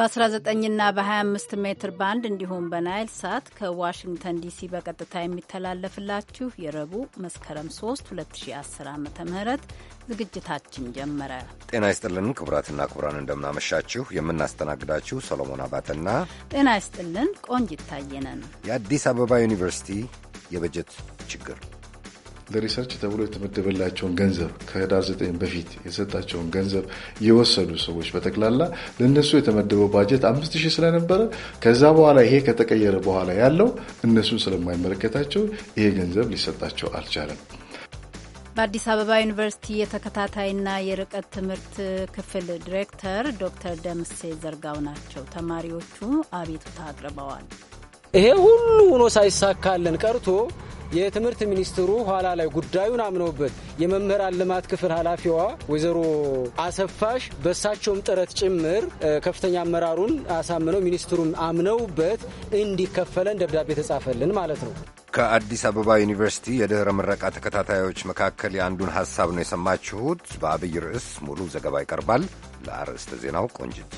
በ19ና በ25 ሜትር ባንድ እንዲሁም በናይል ሳት ከዋሽንግተን ዲሲ በቀጥታ የሚተላለፍላችሁ የረቡዕ መስከረም 3 2010 ዓ ም ዝግጅታችን ጀመረ። ጤና ይስጥልን ክቡራትና ክቡራን፣ እንደምናመሻችሁ። የምናስተናግዳችሁ ሰሎሞን አባተና ጤና ይስጥልን ቆንጅ ይታየነን። የአዲስ አበባ ዩኒቨርሲቲ የበጀት ችግር ለሪሰርች ተብሎ የተመደበላቸውን ገንዘብ ከህዳር ዘጠኝ በፊት የሰጣቸውን ገንዘብ የወሰዱ ሰዎች በጠቅላላ ለእነሱ የተመደበው ባጀት አምስት ሺህ ስለነበረ ከዛ በኋላ ይሄ ከተቀየረ በኋላ ያለው እነሱን ስለማይመለከታቸው ይሄ ገንዘብ ሊሰጣቸው አልቻለም። በአዲስ አበባ ዩኒቨርሲቲ የተከታታይና የርቀት ትምህርት ክፍል ዲሬክተር ዶክተር ደምሴ ዘርጋው ናቸው። ተማሪዎቹ አቤቱታ አቅርበዋል። ይሄ ሁሉ ሆኖ ሳይሳካለን ቀርቶ የትምህርት ሚኒስትሩ ኋላ ላይ ጉዳዩን አምነውበት የመምህራን ልማት ክፍል ኃላፊዋ ወይዘሮ አሰፋሽ በእሳቸውም ጥረት ጭምር ከፍተኛ አመራሩን አሳምነው ሚኒስትሩን አምነውበት እንዲከፈለን ደብዳቤ ተጻፈልን ማለት ነው። ከአዲስ አበባ ዩኒቨርሲቲ የድኅረ ምረቃ ተከታታዮች መካከል የአንዱን ሐሳብ ነው የሰማችሁት። በአብይ ርዕስ ሙሉ ዘገባ ይቀርባል። ለአርዕስተ ዜናው ቆንጅት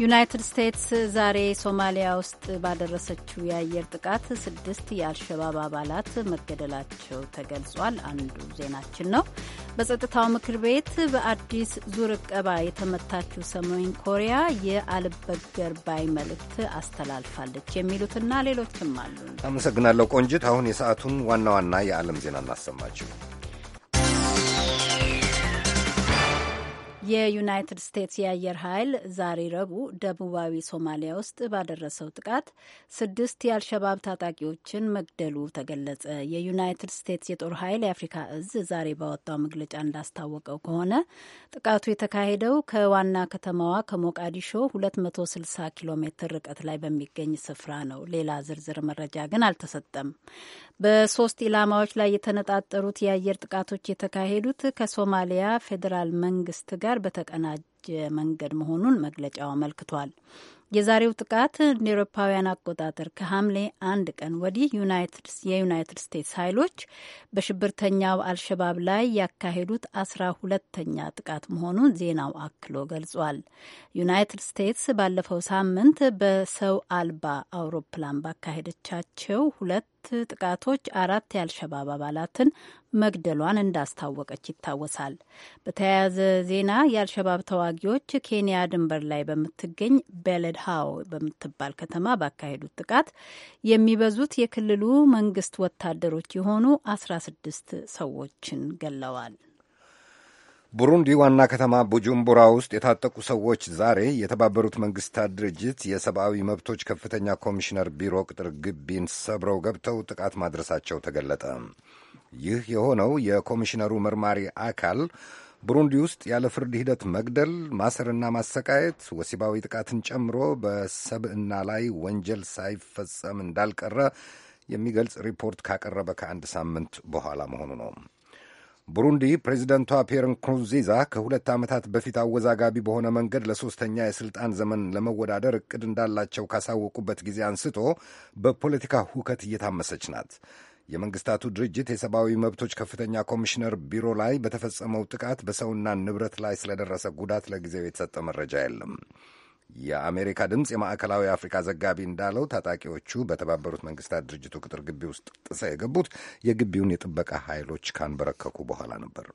ዩናይትድ ስቴትስ ዛሬ ሶማሊያ ውስጥ ባደረሰችው የአየር ጥቃት ስድስት የአልሸባብ አባላት መገደላቸው ተገልጿል። አንዱ ዜናችን ነው። በጸጥታው ምክር ቤት በአዲስ ዙር እቀባ የተመታችው ሰሜን ኮሪያ የአልበገር ባይ መልእክት አስተላልፋለች የሚሉትና ሌሎችም አሉ። አመሰግናለሁ ቆንጅት። አሁን የሰዓቱን ዋና ዋና የዓለም ዜና እናሰማችሁ። የዩናይትድ ስቴትስ የአየር ኃይል ዛሬ ረቡዕ ደቡባዊ ሶማሊያ ውስጥ ባደረሰው ጥቃት ስድስት የአልሸባብ ታጣቂዎችን መግደሉ ተገለጸ። የዩናይትድ ስቴትስ የጦር ኃይል የአፍሪካ እዝ ዛሬ ባወጣው መግለጫ እንዳስታወቀው ከሆነ ጥቃቱ የተካሄደው ከዋና ከተማዋ ከሞቃዲሾ 260 ኪሎ ሜትር ርቀት ላይ በሚገኝ ስፍራ ነው። ሌላ ዝርዝር መረጃ ግን አልተሰጠም። በሶስት ኢላማዎች ላይ የተነጣጠሩት የአየር ጥቃቶች የተካሄዱት ከሶማሊያ ፌዴራል መንግስት ጋር ጋር በተቀናጀ መንገድ መሆኑን መግለጫው አመልክቷል። የዛሬው ጥቃት እንደ ኤሮፓውያን አቆጣጠር ከሐምሌ አንድ ቀን ወዲህ የዩናይትድ ስቴትስ ኃይሎች በሽብርተኛው አልሸባብ ላይ ያካሄዱት አስራ ሁለተኛ ጥቃት መሆኑን ዜናው አክሎ ገልጿል። ዩናይትድ ስቴትስ ባለፈው ሳምንት በሰው አልባ አውሮፕላን ባካሄደቻቸው ሁለት ጥቃቶች አራት የአልሸባብ አባላትን መግደሏን እንዳስታወቀች ይታወሳል። በተያያዘ ዜና የአልሸባብ ተዋጊዎች ኬንያ ድንበር ላይ በምትገኝ በለድሃው በምትባል ከተማ ባካሄዱት ጥቃት የሚበዙት የክልሉ መንግስት ወታደሮች የሆኑ አስራ ስድስት ሰዎችን ገለዋል። ቡሩንዲ ዋና ከተማ ቡጁምቡራ ውስጥ የታጠቁ ሰዎች ዛሬ የተባበሩት መንግስታት ድርጅት የሰብአዊ መብቶች ከፍተኛ ኮሚሽነር ቢሮ ቅጥር ግቢን ሰብረው ገብተው ጥቃት ማድረሳቸው ተገለጠ። ይህ የሆነው የኮሚሽነሩ መርማሪ አካል ቡሩንዲ ውስጥ ያለ ፍርድ ሂደት መግደል፣ ማሰርና ማሰቃየት፣ ወሲባዊ ጥቃትን ጨምሮ በሰብዕና ላይ ወንጀል ሳይፈጸም እንዳልቀረ የሚገልጽ ሪፖርት ካቀረበ ከአንድ ሳምንት በኋላ መሆኑ ነው። ቡሩንዲ ፕሬዚደንቷ ፒየር ንኩሩንዚዛ ከሁለት ዓመታት በፊት አወዛጋቢ በሆነ መንገድ ለሦስተኛ የሥልጣን ዘመን ለመወዳደር ዕቅድ እንዳላቸው ካሳወቁበት ጊዜ አንስቶ በፖለቲካ ሁከት እየታመሰች ናት። የመንግስታቱ ድርጅት የሰብአዊ መብቶች ከፍተኛ ኮሚሽነር ቢሮ ላይ በተፈጸመው ጥቃት በሰውና ንብረት ላይ ስለደረሰ ጉዳት ለጊዜው የተሰጠ መረጃ የለም። የአሜሪካ ድምፅ የማዕከላዊ አፍሪካ ዘጋቢ እንዳለው ታጣቂዎቹ በተባበሩት መንግስታት ድርጅቱ ቅጥር ግቢ ውስጥ ጥሰው የገቡት የግቢውን የጥበቃ ኃይሎች ካንበረከኩ በኋላ ነበር።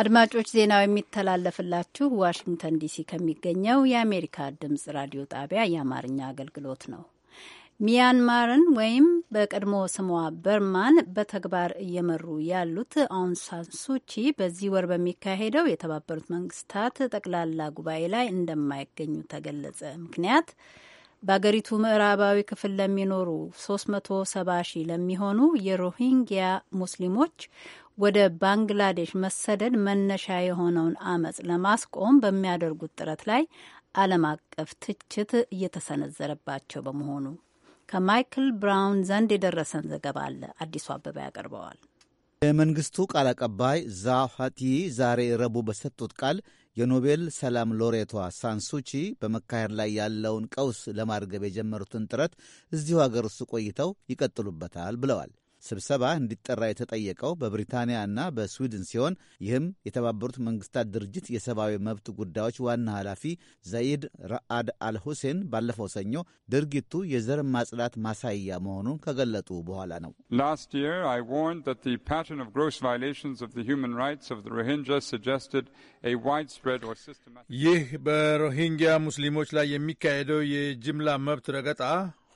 አድማጮች፣ ዜናው የሚተላለፍላችሁ ዋሽንግተን ዲሲ ከሚገኘው የአሜሪካ ድምፅ ራዲዮ ጣቢያ የአማርኛ አገልግሎት ነው። ሚያንማርን ወይም በቀድሞ ስሟ በርማን በተግባር እየመሩ ያሉት አውንሳን ሱቺ በዚህ ወር በሚካሄደው የተባበሩት መንግስታት ጠቅላላ ጉባኤ ላይ እንደማይገኙ ተገለጸ። ምክንያት በአገሪቱ ምዕራባዊ ክፍል ለሚኖሩ 370 ሺህ ለሚሆኑ የሮሂንግያ ሙስሊሞች ወደ ባንግላዴሽ መሰደድ መነሻ የሆነውን አመፅ ለማስቆም በሚያደርጉት ጥረት ላይ ዓለም አቀፍ ትችት እየተሰነዘረባቸው በመሆኑ ከማይክል ብራውን ዘንድ የደረሰን ዘገባ አለ። አዲሱ አበባ ያቀርበዋል። የመንግስቱ ቃል አቀባይ ዛፋቲ ዛሬ ረቡዕ በሰጡት ቃል የኖቤል ሰላም ሎሬቷ ሳንሱቺ በመካሄድ ላይ ያለውን ቀውስ ለማርገብ የጀመሩትን ጥረት እዚሁ አገር ውስጥ ቆይተው ይቀጥሉበታል ብለዋል። ስብሰባ እንዲጠራ የተጠየቀው በብሪታንያና በስዊድን ሲሆን ይህም የተባበሩት መንግስታት ድርጅት የሰብአዊ መብት ጉዳዮች ዋና ኃላፊ ዘይድ ረአድ አልሁሴን ባለፈው ሰኞ ድርጊቱ የዘር ማጽዳት ማሳያ መሆኑን ከገለጡ በኋላ ነው። ይህ በሮሂንጃ ሙስሊሞች ላይ የሚካሄደው የጅምላ መብት ረገጣ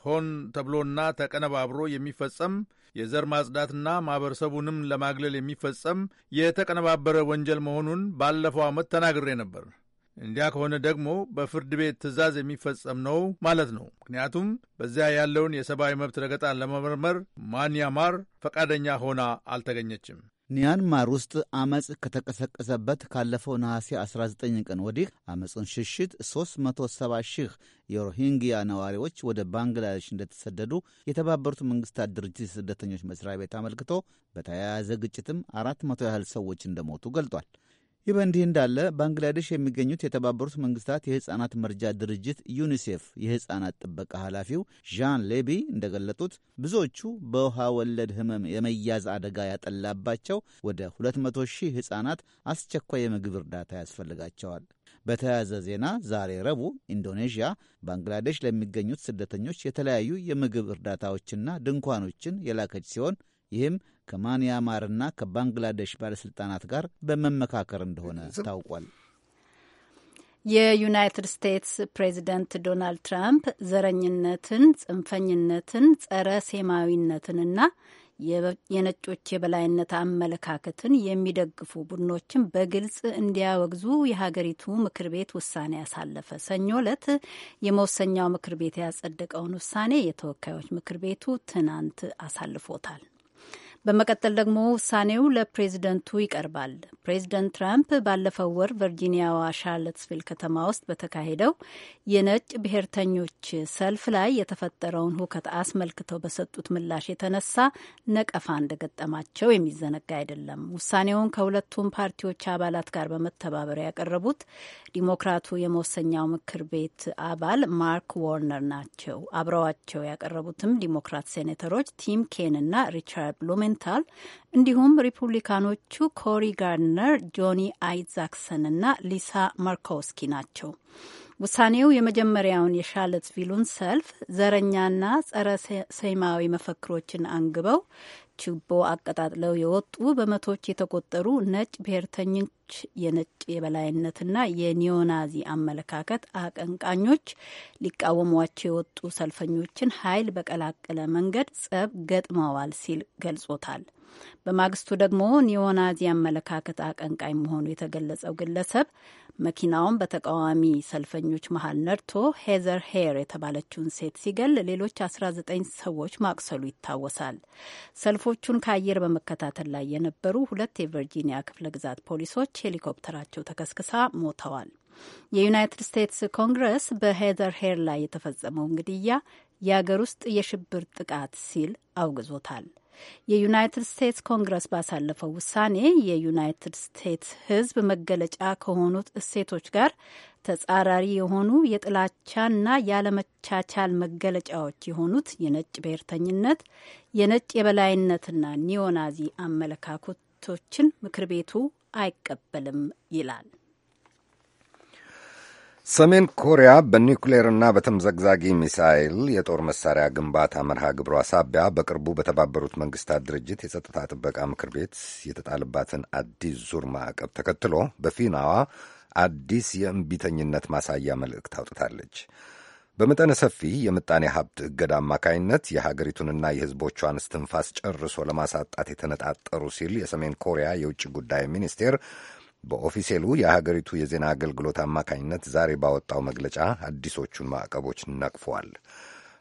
ሆን ተብሎና ተቀነባብሮ የሚፈጸም የዘር ማጽዳትና ማኅበረሰቡንም ለማግለል የሚፈጸም የተቀነባበረ ወንጀል መሆኑን ባለፈው ዓመት ተናግሬ ነበር። እንዲያ ከሆነ ደግሞ በፍርድ ቤት ትዕዛዝ የሚፈጸም ነው ማለት ነው። ምክንያቱም በዚያ ያለውን የሰብአዊ መብት ረገጣን ለመመርመር ማንያማር ፈቃደኛ ሆና አልተገኘችም። ሚያንማር ውስጥ አመፅ ከተቀሰቀሰበት ካለፈው ነሐሴ 19 ቀን ወዲህ አመፁን ሽሽት 370 ሺህ የሮሂንግያ ነዋሪዎች ወደ ባንግላዴሽ እንደተሰደዱ የተባበሩት መንግስታት ድርጅት የስደተኞች መስሪያ ቤት አመልክቶ በተያያዘ ግጭትም 400 ያህል ሰዎች እንደሞቱ ገልጧል። ይህ በእንዲህ እንዳለ ባንግላዴሽ የሚገኙት የተባበሩት መንግስታት የሕፃናት መርጃ ድርጅት ዩኒሴፍ የሕፃናት ጥበቃ ኃላፊው ዣን ሌቢ እንደገለጡት ብዙዎቹ በውሃ ወለድ ህመም የመያዝ አደጋ ያጠላባቸው ወደ 200 ሺህ ሕፃናት አስቸኳይ የምግብ እርዳታ ያስፈልጋቸዋል። በተያያዘ ዜና ዛሬ ረቡዕ ኢንዶኔዥያ ባንግላዴሽ ለሚገኙት ስደተኞች የተለያዩ የምግብ እርዳታዎችና ድንኳኖችን የላከች ሲሆን ይህም ከማንያማርና ከባንግላዴሽ ባለሥልጣናት ጋር በመመካከር እንደሆነ ታውቋል። የዩናይትድ ስቴትስ ፕሬዚደንት ዶናልድ ትራምፕ ዘረኝነትን፣ ጽንፈኝነትን፣ ጸረ ሴማዊነትንና የነጮች የበላይነት አመለካከትን የሚደግፉ ቡድኖችን በግልጽ እንዲያወግዙ የሀገሪቱ ምክር ቤት ውሳኔ ያሳለፈ። ሰኞ ዕለት የመወሰኛው ምክር ቤት ያጸደቀውን ውሳኔ የተወካዮች ምክር ቤቱ ትናንት አሳልፎታል። በመቀጠል ደግሞ ውሳኔው ለፕሬዝደንቱ ይቀርባል። ፕሬዝደንት ትራምፕ ባለፈው ወር ቨርጂኒያዋ ሻርለትስቪል ከተማ ውስጥ በተካሄደው የነጭ ብሔርተኞች ሰልፍ ላይ የተፈጠረውን ሁከት አስመልክተው በሰጡት ምላሽ የተነሳ ነቀፋ እንደገጠማቸው የሚዘነጋ አይደለም። ውሳኔውን ከሁለቱም ፓርቲዎች አባላት ጋር በመተባበር ያቀረቡት ዲሞክራቱ የመወሰኛው ምክር ቤት አባል ማርክ ዎርነር ናቸው። አብረዋቸው ያቀረቡትም ዲሞክራት ሴኔተሮች ቲም ኬን እና ሪቻርድ ሉሜን ኦሪየንታል እንዲሁም ሪፑብሊካኖቹ ኮሪ ጋርድነር፣ ጆኒ አይዛክሰን እና ሊሳ ማርኮውስኪ ናቸው። ውሳኔው የመጀመሪያውን የሻለትቪሉን ሰልፍ ዘረኛና ጸረ ሴማዊ መፈክሮችን አንግበው ችቦ አቀጣጥለው የወጡ በመቶዎች የተቆጠሩ ነጭ ብሔርተኞች የነጭ የበላይነትና የኒዮናዚ አመለካከት አቀንቃኞች ሊቃወሟቸው የወጡ ሰልፈኞችን ኃይል በቀላቀለ መንገድ ጸብ ገጥመዋል ሲል ገልጾታል። በማግስቱ ደግሞ ኒዮናዚ አመለካከት አቀንቃኝ መሆኑ የተገለጸው ግለሰብ መኪናውን በተቃዋሚ ሰልፈኞች መሀል ነድቶ ሄዘር ሄር የተባለችውን ሴት ሲገል ሌሎች 19 ሰዎች ማቁሰሉ ይታወሳል። ሰልፎቹን ከአየር በመከታተል ላይ የነበሩ ሁለት የቨርጂኒያ ክፍለ ግዛት ፖሊሶች ሄሊኮፕተራቸው ተከስክሳ ሞተዋል። የዩናይትድ ስቴትስ ኮንግረስ በሄዘር ሄር ላይ የተፈጸመውን ግድያ የአገር ውስጥ የሽብር ጥቃት ሲል አውግዞታል። የዩናይትድ ስቴትስ ኮንግረስ ባሳለፈው ውሳኔ የዩናይትድ ስቴትስ ሕዝብ መገለጫ ከሆኑት እሴቶች ጋር ተጻራሪ የሆኑ የጥላቻና ያለመቻቻል መገለጫዎች የሆኑት የነጭ ብሔርተኝነት፣ የነጭ የበላይነትና ኒዮናዚ አመለካከቶችን ምክር ቤቱ አይቀበልም ይላል። ሰሜን ኮሪያ በኒውክሌርና በተምዘግዛጊ ሚሳይል የጦር መሳሪያ ግንባታ መርሃ ግብሯ ሳቢያ በቅርቡ በተባበሩት መንግስታት ድርጅት የጸጥታ ጥበቃ ምክር ቤት የተጣለባትን አዲስ ዙር ማዕቀብ ተከትሎ በፊናዋ አዲስ የእምቢተኝነት ማሳያ መልእክት አውጥታለች። በመጠነ ሰፊ የምጣኔ ሀብት እገዳ አማካይነት የሀገሪቱንና የሕዝቦቿን እስትንፋስ ጨርሶ ለማሳጣት የተነጣጠሩ ሲል የሰሜን ኮሪያ የውጭ ጉዳይ ሚኒስቴር በኦፊሴሉ የሀገሪቱ የዜና አገልግሎት አማካኝነት ዛሬ ባወጣው መግለጫ አዲሶቹን ማዕቀቦች ነቅፏል።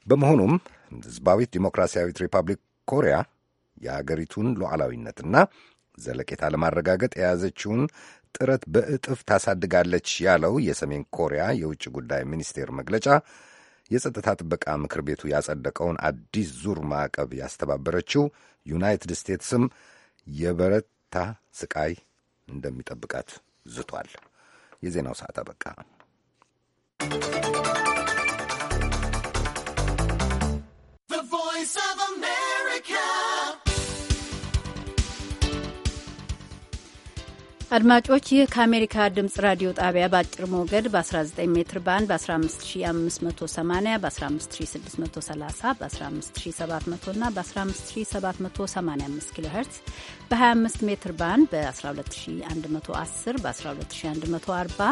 በመሆኑም ህዝባዊት ዲሞክራሲያዊት ሪፐብሊክ ኮሪያ የሀገሪቱን ሉዓላዊነትና ዘለቄታ ለማረጋገጥ የያዘችውን ጥረት በእጥፍ ታሳድጋለች ያለው የሰሜን ኮሪያ የውጭ ጉዳይ ሚኒስቴር መግለጫ የጸጥታ ጥበቃ ምክር ቤቱ ያጸደቀውን አዲስ ዙር ማዕቀብ ያስተባበረችው ዩናይትድ ስቴትስም የበረታ ስቃይ እንደሚጠብቃት ዝቷል። የዜናው ሰዓት አበቃ። አድማጮች ይህ ከአሜሪካ ድምጽ ራዲዮ ጣቢያ በአጭር ሞገድ በ19 ሜትር ባንድ በ15580 በ15630 በ15700 እና በ15785 ኪሎ ሄርትስ በ25 ሜትር ባንድ በ12110 በ12140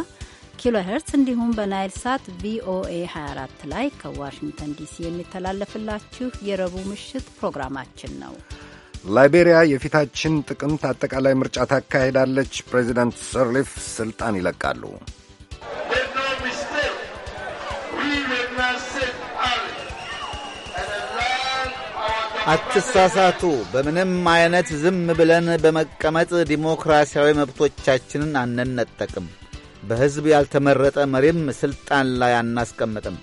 ኪሎ ሄርትስ እንዲሁም በናይል ሳት ቪኦኤ 24 ላይ ከዋሽንግተን ዲሲ የሚተላለፍላችሁ የረቡዕ ምሽት ፕሮግራማችን ነው። ላይቤሪያ የፊታችን ጥቅምት አጠቃላይ ምርጫ ታካሂዳለች። ፕሬዚዳንት ሰርሊፍ ስልጣን ይለቃሉ። አትሳሳቱ። በምንም አይነት ዝም ብለን በመቀመጥ ዲሞክራሲያዊ መብቶቻችንን አንነጠቅም። በሕዝብ ያልተመረጠ መሪም ሥልጣን ላይ አናስቀምጥም።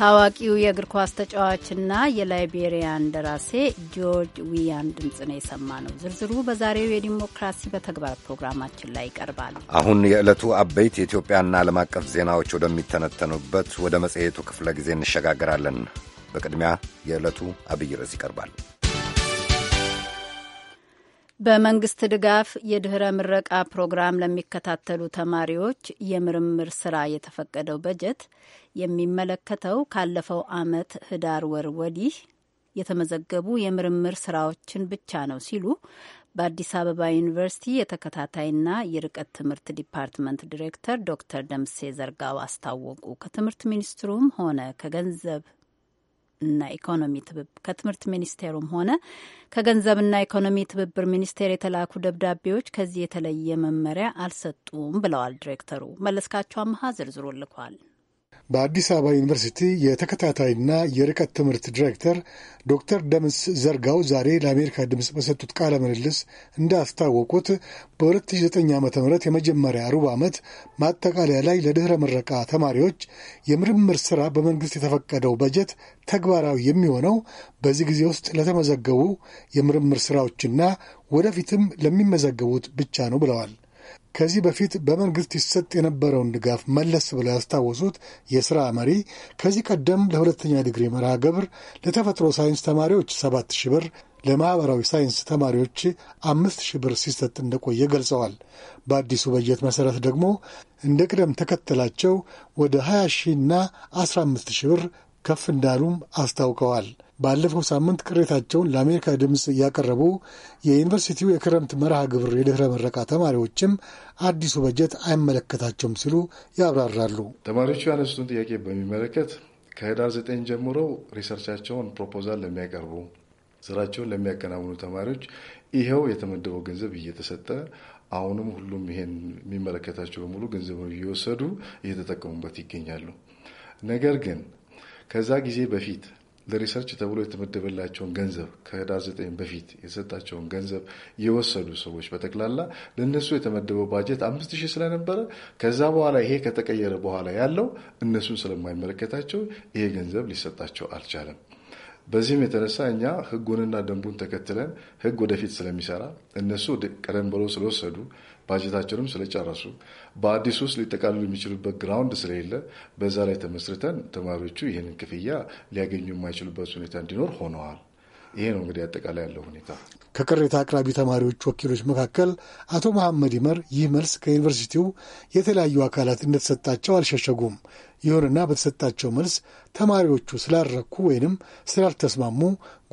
ታዋቂው የእግር ኳስ ተጫዋችና የላይቤሪያን ደራሴ ጆርጅ ዊያን ድምፅ ነው የሰማ ነው። ዝርዝሩ በዛሬው የዲሞክራሲ በተግባር ፕሮግራማችን ላይ ይቀርባል። አሁን የዕለቱ አበይት የኢትዮጵያና ዓለም አቀፍ ዜናዎች ወደሚተነተኑበት ወደ መጽሔቱ ክፍለ ጊዜ እንሸጋገራለን። በቅድሚያ የዕለቱ አብይ ርዕስ ይቀርባል። በመንግስት ድጋፍ የድህረ ምረቃ ፕሮግራም ለሚከታተሉ ተማሪዎች የምርምር ስራ የተፈቀደው በጀት የሚመለከተው ካለፈው አመት ህዳር ወር ወዲህ የተመዘገቡ የምርምር ስራዎችን ብቻ ነው ሲሉ በአዲስ አበባ ዩኒቨርሲቲ የተከታታይና የርቀት ትምህርት ዲፓርትመንት ዲሬክተር ዶክተር ደምሴ ዘርጋው አስታወቁ። ከትምህርት ሚኒስትሩም ሆነ ከገንዘብ እና ኢኮኖሚ ትብብር ከትምህርት ሚኒስቴሩም ሆነ ከገንዘብና ኢኮኖሚ ትብብር ሚኒስቴር የተላኩ ደብዳቤዎች ከዚህ የተለየ መመሪያ አልሰጡም ብለዋል ዲሬክተሩ። መለስካቸው አመሀ ዝርዝሩ ልኳል። በአዲስ አበባ ዩኒቨርሲቲ የተከታታይና የርቀት ትምህርት ዲሬክተር ዶክተር ደምስ ዘርጋው ዛሬ ለአሜሪካ ድምፅ በሰጡት ቃለ ምልልስ እንዳስታወቁት በ2009 ዓ ም የመጀመሪያ ሩብ ዓመት ማጠቃለያ ላይ ለድኅረ ምረቃ ተማሪዎች የምርምር ሥራ በመንግሥት የተፈቀደው በጀት ተግባራዊ የሚሆነው በዚህ ጊዜ ውስጥ ለተመዘገቡ የምርምር ሥራዎችና ወደፊትም ለሚመዘገቡት ብቻ ነው ብለዋል። ከዚህ በፊት በመንግስት ይሰጥ የነበረውን ድጋፍ መለስ ብለው ያስታወሱት የሥራ መሪ ከዚህ ቀደም ለሁለተኛ ዲግሪ መርሃ ግብር ለተፈጥሮ ሳይንስ ተማሪዎች ሰባት ሺህ ብር ለማኅበራዊ ሳይንስ ተማሪዎች አምስት ሺህ ብር ሲሰጥ እንደቆየ ገልጸዋል። በአዲሱ በጀት መሠረት ደግሞ እንደ ቅደም ተከተላቸው ወደ 20 ሺህና 15 ሺህ ብር ከፍ እንዳሉም አስታውቀዋል። ባለፈው ሳምንት ቅሬታቸውን ለአሜሪካ ድምፅ ያቀረቡ የዩኒቨርሲቲው የክረምት መርሃ ግብር የድኅረ ምረቃ ተማሪዎችም አዲሱ በጀት አይመለከታቸውም ሲሉ ያብራራሉ። ተማሪዎቹ ያነሱትን ጥያቄ በሚመለከት ከህዳር ዘጠኝ ጀምሮ ሪሰርቻቸውን ፕሮፖዛል ለሚያቀርቡ ስራቸውን ለሚያከናውኑ ተማሪዎች ይኸው የተመደበው ገንዘብ እየተሰጠ አሁንም ሁሉም ይሄን የሚመለከታቸው በሙሉ ገንዘብ እየወሰዱ እየተጠቀሙበት ይገኛሉ። ነገር ግን ከዛ ጊዜ በፊት ለሪሰርች ተብሎ የተመደበላቸውን ገንዘብ ከህዳር ዘጠኝ በፊት የሰጣቸውን ገንዘብ የወሰዱ ሰዎች በጠቅላላ ለእነሱ የተመደበው ባጀት አምስት ሺህ ስለነበረ ከዛ በኋላ ይሄ ከተቀየረ በኋላ ያለው እነሱን ስለማይመለከታቸው ይሄ ገንዘብ ሊሰጣቸው አልቻለም። በዚህም የተነሳ እኛ ህጉንና ደንቡን ተከትለን ህግ ወደፊት ስለሚሰራ እነሱ ቀደም ብሎ ስለወሰዱ ባጀታቸውንም ስለጨረሱ በአዲሱ ውስጥ ሊጠቃልሉ የሚችሉበት ግራውንድ ስለሌለ በዛ ላይ ተመስርተን ተማሪዎቹ ይህንን ክፍያ ሊያገኙ የማይችሉበት ሁኔታ እንዲኖር ሆነዋል። ይሄ ነው እንግዲህ አጠቃላይ ያለው ሁኔታ። ከቅሬታ አቅራቢ ተማሪዎች ወኪሎች መካከል አቶ መሐመድ ይመር ይህ መልስ ከዩኒቨርሲቲው የተለያዩ አካላት እንደተሰጣቸው አልሸሸጉም። ይሁንና በተሰጣቸው መልስ ተማሪዎቹ ስላልረኩ ወይንም ስላልተስማሙ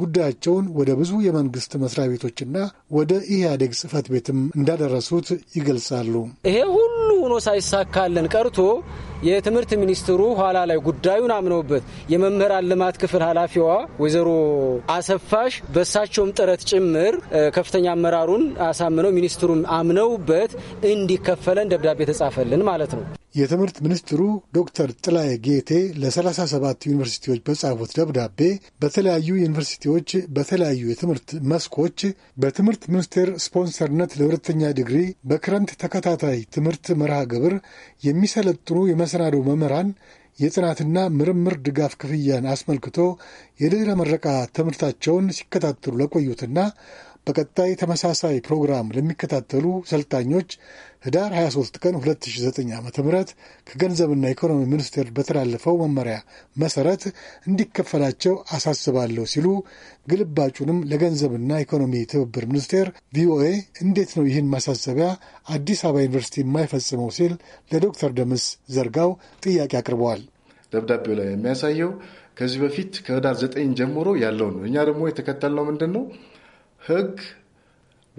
ጉዳያቸውን ወደ ብዙ የመንግስት መስሪያ ቤቶችና ወደ ኢህአዴግ ጽህፈት ቤትም እንዳደረሱት ይገልጻሉ። ይሄ ሁሉ ሆኖ ሳይሳካልን ቀርቶ የትምህርት ሚኒስትሩ ኋላ ላይ ጉዳዩን አምነውበት የመምህራን ልማት ክፍል ኃላፊዋ ወይዘሮ አሰፋሽ በእሳቸውም ጥረት ጭምር ከፍተኛ አመራሩን አሳምነው ሚኒስትሩም አምነውበት እንዲከፈለን ደብዳቤ ተጻፈልን ማለት ነው። የትምህርት ሚኒስትሩ ዶክተር ጥላዬ ጌቴ ለ37 ዩኒቨርሲቲዎች በጻፉት ደብዳቤ በተለያዩ ዩኒቨርሲቲዎች በተለያዩ የትምህርት መስኮች በትምህርት ሚኒስቴር ስፖንሰርነት ለሁለተኛ ዲግሪ በክረምት ተከታታይ ትምህርት መርሃ ግብር የሚሰለጥኑ የመሰናዶ መምህራን የጥናትና ምርምር ድጋፍ ክፍያን አስመልክቶ የድህረ ምረቃ ትምህርታቸውን ሲከታተሉ ለቆዩትና በቀጣይ ተመሳሳይ ፕሮግራም ለሚከታተሉ ሰልጣኞች ህዳር 23 ቀን 2009 ዓ ም ከገንዘብና ኢኮኖሚ ሚኒስቴር በተላለፈው መመሪያ መሰረት እንዲከፈላቸው አሳስባለሁ ሲሉ ግልባጩንም ለገንዘብና ኢኮኖሚ ትብብር ሚኒስቴር ቪኦኤ እንዴት ነው ይህን ማሳሰቢያ አዲስ አበባ ዩኒቨርሲቲ የማይፈጽመው ሲል ለዶክተር ደምስ ዘርጋው ጥያቄ አቅርበዋል። ደብዳቤው ላይ የሚያሳየው ከዚህ በፊት ከህዳር 9 ጀምሮ ያለው ነው። እኛ ደግሞ የተከተልነው ምንድን ነው ህግ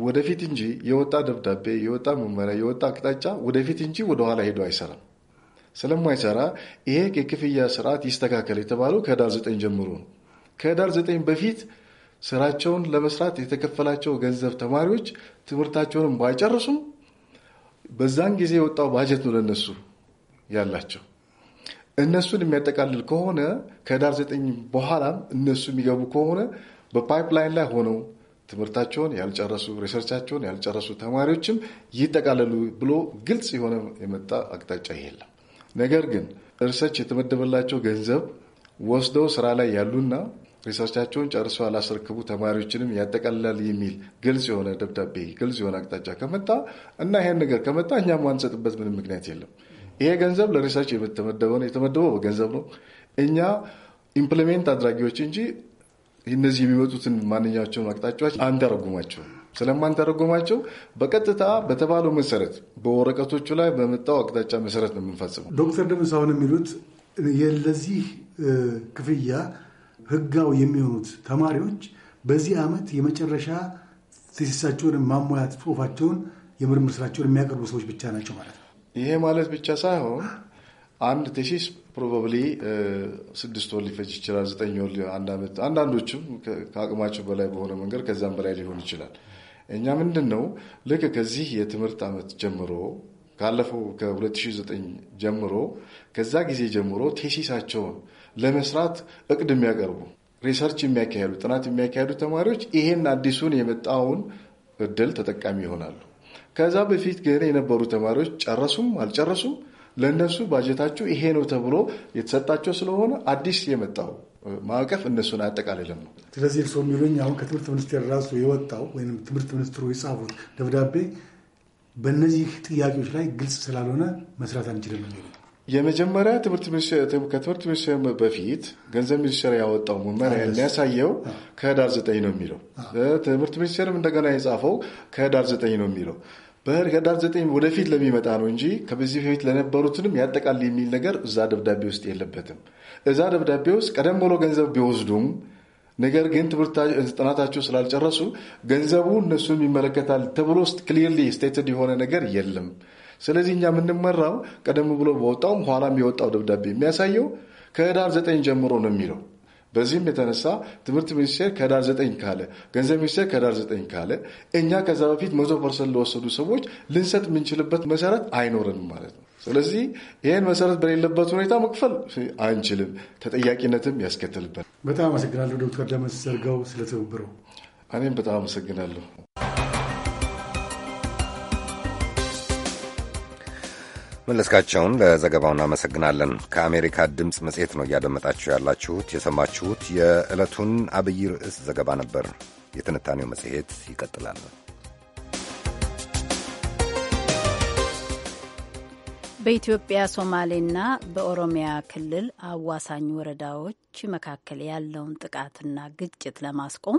ወደፊት እንጂ የወጣ ደብዳቤ፣ የወጣ መመሪያ፣ የወጣ አቅጣጫ ወደፊት እንጂ ወደኋላ ሄዶ አይሰራም። ስለማይሰራ ይሄ የክፍያ ስርዓት ይስተካከል የተባለው ከህዳር ዘጠኝ ጀምሮ ነው። ከህዳር ዘጠኝ በፊት ስራቸውን ለመስራት የተከፈላቸው ገንዘብ ተማሪዎች ትምህርታቸውንም ባይጨርሱም በዛን ጊዜ የወጣው ባጀት ነው ለነሱ ያላቸው። እነሱን የሚያጠቃልል ከሆነ ከህዳር ዘጠኝ በኋላም እነሱ የሚገቡ ከሆነ በፓይፕላይን ላይ ሆነው ትምህርታቸውን ያልጨረሱ ሪሰርቻቸውን ያልጨረሱ ተማሪዎችም ይጠቃለሉ ብሎ ግልጽ የሆነ የመጣ አቅጣጫ የለም። ነገር ግን ሪሰርች የተመደበላቸው ገንዘብ ወስደው ስራ ላይ ያሉና ሪሰርቻቸውን ጨርሶ ያላስረክቡ ተማሪዎችንም ያጠቃልላል የሚል ግልጽ የሆነ ደብዳቤ፣ ግልጽ የሆነ አቅጣጫ ከመጣ እና ይሄን ነገር ከመጣ እኛም ማንሰጥበት ምንም ምክንያት የለም። ይሄ ገንዘብ ለሪሰርች የተመደበው ነው። የተመደበው በገንዘብ ነው። እኛ ኢምፕሊሜንት አድራጊዎች እንጂ እነዚህ የሚመጡትን ማንኛቸውን አቅጣጫዎች አንተረጉማቸውም። ስለማንተረጉማቸው በቀጥታ በተባለው መሰረት በወረቀቶቹ ላይ በመጣው አቅጣጫ መሰረት ነው የምንፈጽመው። ዶክተር ደምስ አሁን የሚሉት ለዚህ ክፍያ ህጋዊ የሚሆኑት ተማሪዎች በዚህ ዓመት የመጨረሻ ቴሲሳቸውን ማሟያት ጽሁፋቸውን የምርምር ስራቸውን የሚያቀርቡ ሰዎች ብቻ ናቸው ማለት ነው። ይሄ ማለት ብቻ ሳይሆን አንድ ቴሲስ ፕሮባብሊ eh, ስድስት ወር ሊፈጅ ይችላል። ዘጠኝ ወር፣ አንድ ዓመት፣ አንዳንዶችም ከአቅማቸው በላይ በሆነ መንገድ ከዛም በላይ ሊሆን ይችላል። እኛ ምንድን ነው ልክ ከዚህ የትምህርት ዓመት ጀምሮ ካለፈው ከ2009 ጀምሮ ከዛ ጊዜ ጀምሮ ቴሲሳቸውን ለመስራት እቅድ የሚያቀርቡ ሪሰርች የሚያካሄዱ ጥናት የሚያካሄዱ ተማሪዎች ይሄን አዲሱን የመጣውን እድል ተጠቃሚ ይሆናሉ። ከዛ በፊት ግን የነበሩ ተማሪዎች ጨረሱም አልጨረሱም ለእነሱ ባጀታቸው ይሄ ነው ተብሎ የተሰጣቸው ስለሆነ አዲስ የመጣው ማዕቀፍ እነሱን አያጠቃልልም ነው። ስለዚህ እርስዎ የሚሉኝ አሁን ከትምህርት ሚኒስቴር ራሱ የወጣው ወይም ትምህርት ሚኒስትሩ የጻፉት ደብዳቤ በእነዚህ ጥያቄዎች ላይ ግልጽ ስላልሆነ መስራት አንችልም የሚሉ የመጀመሪያ ከትምህርት ሚኒስቴር በፊት ገንዘብ ሚኒስቴር ያወጣው መመሪያ የሚያሳየው ከህዳር ዘጠኝ ነው የሚለው ትምህርት ሚኒስቴርም እንደገና የጻፈው ከህዳር ዘጠኝ ነው የሚለው በህዳር ዘጠኝ ወደፊት ለሚመጣ ነው እንጂ ከበዚህ በፊት ለነበሩትንም ያጠቃል የሚል ነገር እዛ ደብዳቤ ውስጥ የለበትም። እዛ ደብዳቤ ውስጥ ቀደም ብሎ ገንዘብ ቢወስዱም ነገር ግን ትምህርት ጥናታቸው ስላልጨረሱ ገንዘቡ እነሱ ይመለከታል ተብሎ ክሊርሊ ስቴትድ የሆነ ነገር የለም። ስለዚህ እኛ የምንመራው ቀደም ብሎ በወጣውም ኋላም የወጣው ደብዳቤ የሚያሳየው ከህዳር ዘጠኝ ጀምሮ ነው የሚለው በዚህም የተነሳ ትምህርት ሚኒስቴር ከዳር ዘጠኝ ካለ ገንዘብ ሚኒስቴር ከዳር ዘጠኝ ካለ እኛ ከዛ በፊት መቶ ፐርሰንት ለወሰዱ ሰዎች ልንሰጥ የምንችልበት መሰረት አይኖረንም ማለት ነው። ስለዚህ ይህን መሰረት በሌለበት ሁኔታ መክፈል አንችልም፣ ተጠያቂነትም ያስከትልበት። በጣም አመሰግናለሁ ዶክተር ደመስ ዘርጋው ስለትብብሩ። እኔም በጣም አመሰግናለሁ። መለስካቸውን ለዘገባው እናመሰግናለን። ከአሜሪካ ድምፅ መጽሔት ነው እያደመጣችሁ ያላችሁት። የሰማችሁት የዕለቱን አብይ ርዕስ ዘገባ ነበር። የትንታኔው መጽሔት ይቀጥላል። በኢትዮጵያ ሶማሌና በኦሮሚያ ክልል አዋሳኝ ወረዳዎች መካከል ያለውን ጥቃትና ግጭት ለማስቆም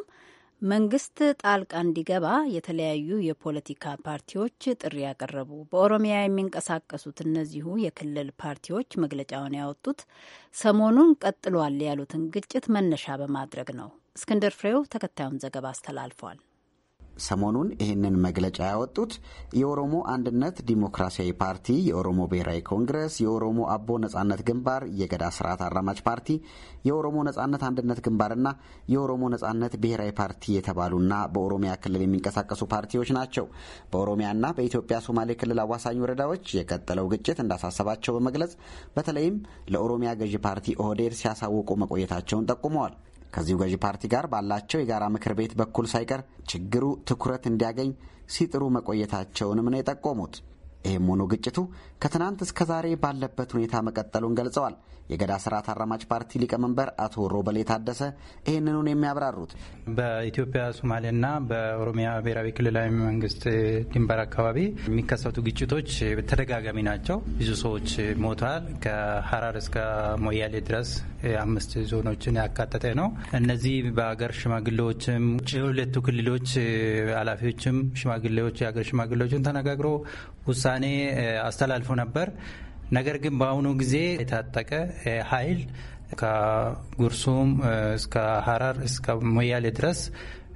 መንግስት ጣልቃ እንዲገባ የተለያዩ የፖለቲካ ፓርቲዎች ጥሪ ያቀረቡ። በኦሮሚያ የሚንቀሳቀሱት እነዚሁ የክልል ፓርቲዎች መግለጫውን ያወጡት ሰሞኑን ቀጥሏል ያሉትን ግጭት መነሻ በማድረግ ነው። እስክንድር ፍሬው ተከታዩን ዘገባ አስተላልፏል። ሰሞኑን ይህንን መግለጫ ያወጡት የኦሮሞ አንድነት ዲሞክራሲያዊ ፓርቲ፣ የኦሮሞ ብሔራዊ ኮንግረስ፣ የኦሮሞ አቦ ነጻነት ግንባር፣ የገዳ ስርዓት አራማጅ ፓርቲ፣ የኦሮሞ ነጻነት አንድነት ግንባርና የኦሮሞ ነጻነት ብሔራዊ ፓርቲ የተባሉና በኦሮሚያ ክልል የሚንቀሳቀሱ ፓርቲዎች ናቸው። በኦሮሚያና በኢትዮጵያ ሶማሌ ክልል አዋሳኝ ወረዳዎች የቀጠለው ግጭት እንዳሳሰባቸው በመግለጽ በተለይም ለኦሮሚያ ገዢ ፓርቲ ኦህዴድ ሲያሳውቁ መቆየታቸውን ጠቁመዋል። ከዚሁ ገዢ ፓርቲ ጋር ባላቸው የጋራ ምክር ቤት በኩል ሳይቀር ችግሩ ትኩረት እንዲያገኝ ሲጥሩ መቆየታቸውንም ነው የጠቆሙት። ይህም ሆኖ ግጭቱ ከትናንት እስከ ዛሬ ባለበት ሁኔታ መቀጠሉን ገልጸዋል። የገዳ ስርዓት አራማጅ ፓርቲ ሊቀመንበር አቶ ሮበሌ ታደሰ ይህንኑን የሚያብራሩት በኢትዮጵያ ሶማሌና በኦሮሚያ ብሔራዊ ክልላዊ መንግስት ድንበር አካባቢ የሚከሰቱ ግጭቶች ተደጋጋሚ ናቸው። ብዙ ሰዎች ሞተዋል። ከሀራር እስከ ሞያሌ ድረስ አምስት ዞኖችን ያካተተ ነው። እነዚህ በሀገር ሽማግሌዎችም የሁለቱ ክልሎች ኃላፊዎችም ሽማግሌዎች የሀገር ሽማግሌዎችን ተነጋግሮ ውሳ ውሳኔ አስተላልፎ ነበር። ነገር ግን በአሁኑ ጊዜ የታጠቀ ኃይል ከጉርሱም እስከ ሀራር እስከ ሞያሌ ድረስ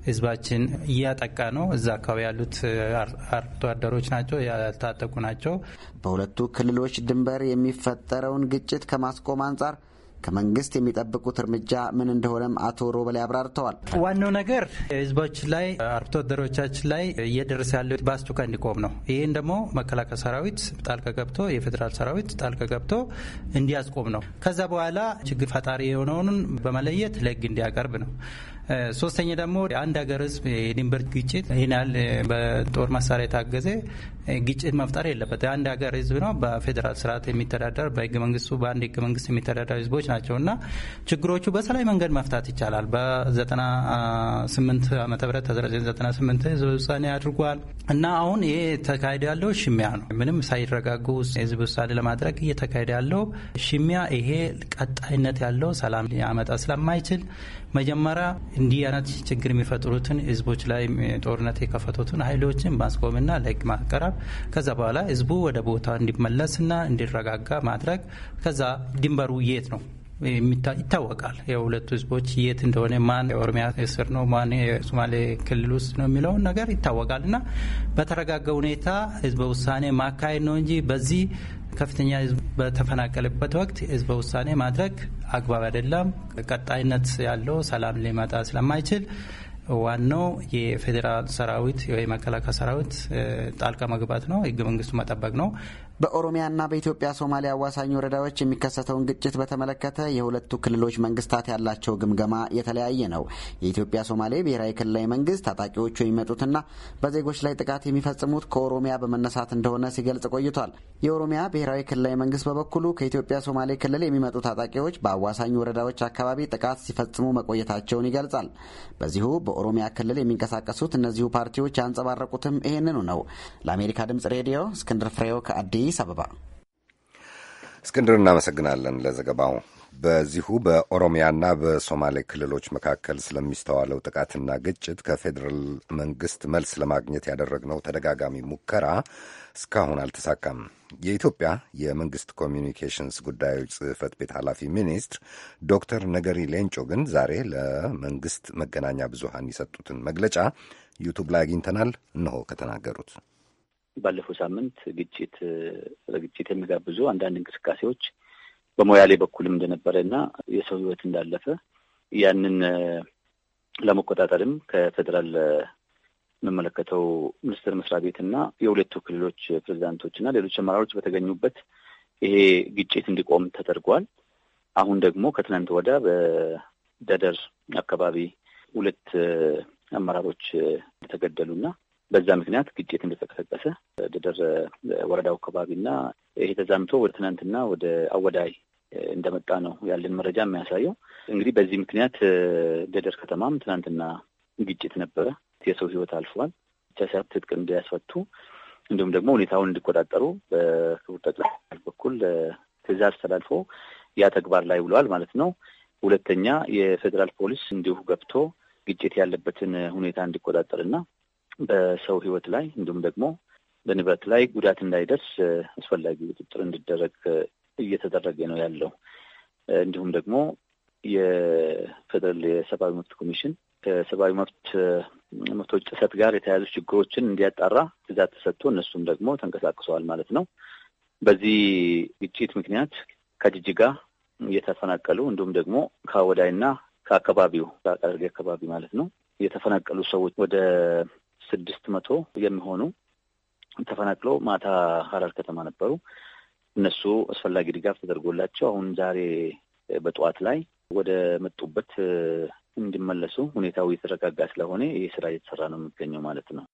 ህዝባችን እያጠቃ ነው። እዛ አካባቢ ያሉት አርብቶ አደሮች ናቸው፣ ያልታጠቁ ናቸው። በሁለቱ ክልሎች ድንበር የሚፈጠረውን ግጭት ከማስቆም አንጻር ከመንግስት የሚጠብቁት እርምጃ ምን እንደሆነም አቶ ሮበላይ አብራርተዋል። ዋናው ነገር ህዝባችን ላይ አርብቶ አደሮቻችን ላይ እየደረሰ ያለው በአስቸኳይ እንዲቆም ነው። ይህን ደግሞ መከላከያ ሰራዊት ጣልቃ ገብቶ የፌዴራል ሰራዊት ጣልቃ ገብቶ እንዲያስቆም ነው። ከዛ በኋላ ችግር ፈጣሪ የሆነውን በመለየት ለህግ እንዲያቀርብ ነው። ሶስተኛ ደግሞ አንድ ሀገር ህዝብ የድንበር ግጭት ይናል በጦር መሳሪያ የታገዘ ግጭት መፍጠር የለበት። አንድ ሀገር ህዝብ ነው በፌዴራል ስርዓት የሚተዳደር በህገ መንግስቱ በአንድ ህገ መንግስት የሚተዳደሩ ህዝቦች ናቸው እና ችግሮቹ በሰላማዊ መንገድ መፍታት ይቻላል። በ98 ዓመተ ምህረት 98 ህዝብ ውሳኔ አድርጓል እና አሁን ይሄ ተካሄደ ያለው ሽሚያ ነው። ምንም ሳይረጋጉ ህዝብ ውሳኔ ለማድረግ እየተካሄደ ያለው ሽሚያ፣ ይሄ ቀጣይነት ያለው ሰላም ሊያመጣ ስለማይችል መጀመሪያ እንዲህ አይነት ችግር የሚፈጥሩትን ህዝቦች ላይ ጦርነት የከፈቱትን ኃይሎችን ማስቆምና ለህግ ማቀረብ ከዛ በኋላ ህዝቡ ወደ ቦታ እንዲመለስና እንዲረጋጋ ማድረግ ከዛ ድንበሩ የት ነው ይታወቃል። የሁለቱ ህዝቦች የት እንደሆነ ማን የኦሮሚያ ስር ነው ማን የሶማሌ ክልል ውስጥ ነው የሚለውን ነገር ይታወቃል እና በተረጋጋ ሁኔታ ህዝበ ውሳኔ ማካሄድ ነው እንጂ በዚህ ከፍተኛ ህዝብ በተፈናቀለበት ወቅት ህዝበ ውሳኔ ማድረግ አግባብ አይደለም። ቀጣይነት ያለው ሰላም ሊመጣ ስለማይችል ዋናው የፌዴራል ሰራዊት መከላከያ ሰራዊት ጣልቃ መግባት ነው፣ ህገ መንግስቱ መጠበቅ ነው። በኦሮሚያና በኢትዮጵያ ሶማሊያ አዋሳኝ ወረዳዎች የሚከሰተውን ግጭት በተመለከተ የሁለቱ ክልሎች መንግስታት ያላቸው ግምገማ የተለያየ ነው። የኢትዮጵያ ሶማሌ ብሔራዊ ክልላዊ መንግስት ታጣቂዎቹ የሚመጡትና በዜጎች ላይ ጥቃት የሚፈጽሙት ከኦሮሚያ በመነሳት እንደሆነ ሲገልጽ ቆይቷል። የኦሮሚያ ብሔራዊ ክልላዊ መንግስት በበኩሉ ከኢትዮጵያ ሶማሌ ክልል የሚመጡ ታጣቂዎች በአዋሳኝ ወረዳዎች አካባቢ ጥቃት ሲፈጽሙ መቆየታቸውን ይገልጻል። በዚሁ በኦሮሚያ ክልል የሚንቀሳቀሱት እነዚሁ ፓርቲዎች ያንጸባረቁትም ይህንኑ ነው። ለአሜሪካ ድምጽ ሬዲዮ እስክንድር ፍሬው ከአዲስ አዲስ አበባ። እስክንድር እናመሰግናለን ለዘገባው። በዚሁ በኦሮሚያና በሶማሌ ክልሎች መካከል ስለሚስተዋለው ጥቃትና ግጭት ከፌዴራል መንግስት መልስ ለማግኘት ያደረግነው ተደጋጋሚ ሙከራ እስካሁን አልተሳካም። የኢትዮጵያ የመንግስት ኮሚኒኬሽንስ ጉዳዮች ጽህፈት ቤት ኃላፊ ሚኒስትር ዶክተር ነገሪ ሌንጮ ግን ዛሬ ለመንግስት መገናኛ ብዙሃን የሰጡትን መግለጫ ዩቱብ ላይ አግኝተናል። እነሆ ከተናገሩት ባለፈው ሳምንት ግጭት ለግጭት የሚጋብዙ አንዳንድ እንቅስቃሴዎች በሞያሌ በኩልም እንደነበረ እና የሰው ህይወት እንዳለፈ ያንን ለመቆጣጠርም ከፌዴራል የምመለከተው ሚኒስቴር መስሪያ ቤት እና የሁለቱ ክልሎች ፕሬዚዳንቶች እና ሌሎች አመራሮች በተገኙበት ይሄ ግጭት እንዲቆም ተደርጓል። አሁን ደግሞ ከትናንት ወዲያ በደደር አካባቢ ሁለት አመራሮች እንደተገደሉ እና በዛ ምክንያት ግጭት እንደተቀሰቀሰ ደደር ወረዳው አካባቢና ይሄ ተዛምቶ ወደ ትናንትና ወደ አወዳይ እንደመጣ ነው ያለን መረጃ የሚያሳየው። እንግዲህ በዚህ ምክንያት ደደር ከተማም ትናንትና ግጭት ነበረ። የሰው ህይወት አልፏል ብቻ ሳይሆን ትጥቅ እንዲያስፈቱ እንዲሁም ደግሞ ሁኔታውን እንዲቆጣጠሩ በክቡር ጠቅላይ በኩል ትዕዛዝ ተላልፎ ያ ተግባር ላይ ውለዋል ማለት ነው። ሁለተኛ የፌዴራል ፖሊስ እንዲሁ ገብቶ ግጭት ያለበትን ሁኔታ እንዲቆጣጠርና በሰው ህይወት ላይ እንዲሁም ደግሞ በንብረት ላይ ጉዳት እንዳይደርስ አስፈላጊ ቁጥጥር እንዲደረግ እየተደረገ ነው ያለው። እንዲሁም ደግሞ የፌደራል የሰብአዊ መብት ኮሚሽን ከሰብአዊ መብት መብቶች ጥሰት ጋር የተያያዙ ችግሮችን እንዲያጣራ ትእዛዝ ተሰጥቶ እነሱም ደግሞ ተንቀሳቅሰዋል ማለት ነው። በዚህ ግጭት ምክንያት ከጅጅጋ እየተፈናቀሉ እንዲሁም ደግሞ ከወዳይና ከአካባቢው ከአቃቂ አካባቢ ማለት ነው የተፈናቀሉ ሰዎች ወደ ስድስት መቶ የሚሆኑ ተፈናቅለው ማታ ሀረር ከተማ ነበሩ። እነሱ አስፈላጊ ድጋፍ ተደርጎላቸው አሁን ዛሬ በጠዋት ላይ ወደ መጡበት እንዲመለሱ ሁኔታው እየተረጋጋ ስለሆነ ይህ ስራ እየተሰራ ነው የሚገኘው ማለት ነው።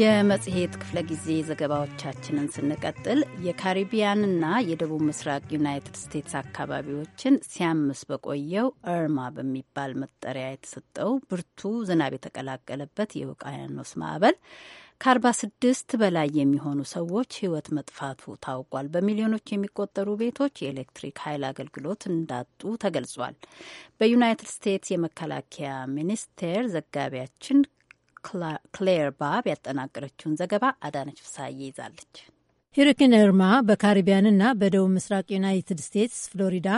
የመጽሔት ክፍለ ጊዜ ዘገባዎቻችንን ስንቀጥል የካሪቢያንና የደቡብ ምስራቅ ዩናይትድ ስቴትስ አካባቢዎችን ሲያምስ በቆየው እርማ በሚባል መጠሪያ የተሰጠው ብርቱ ዝናብ የተቀላቀለበት የውቅያኖስ ማዕበል ከ46 በላይ የሚሆኑ ሰዎች ሕይወት መጥፋቱ ታውቋል። በሚሊዮኖች የሚቆጠሩ ቤቶች የኤሌክትሪክ ኃይል አገልግሎት እንዳጡ ተገልጿል። በዩናይትድ ስቴትስ የመከላከያ ሚኒስቴር ዘጋቢያችን ክሌር ባብ ያጠናቀረችውን ዘገባ አዳነች ፍሳዬ ይዛለች። ሂሪኪን እርማ በካሪቢያንና በደቡብ ምስራቅ ዩናይትድ ስቴትስ ፍሎሪዳ፣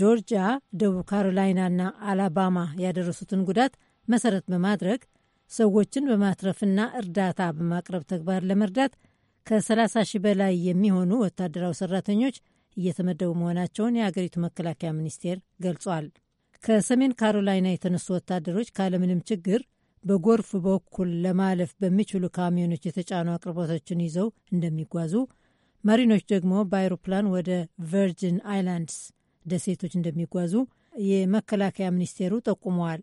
ጆርጂያ፣ ደቡብ ካሮላይናና አላባማ ያደረሱትን ጉዳት መሰረት በማድረግ ሰዎችን በማትረፍና እርዳታ በማቅረብ ተግባር ለመርዳት ከ30 ሺህ በላይ የሚሆኑ ወታደራዊ ሰራተኞች እየተመደቡ መሆናቸውን የአገሪቱ መከላከያ ሚኒስቴር ገልጿል። ከሰሜን ካሮላይና የተነሱ ወታደሮች ካለምንም ችግር በጎርፍ በኩል ለማለፍ በሚችሉ ካሚዮኖች የተጫኑ አቅርቦቶችን ይዘው እንደሚጓዙ፣ መሪኖች ደግሞ በአይሮፕላን ወደ ቨርጅን አይላንድስ ደሴቶች እንደሚጓዙ የመከላከያ ሚኒስቴሩ ጠቁመዋል።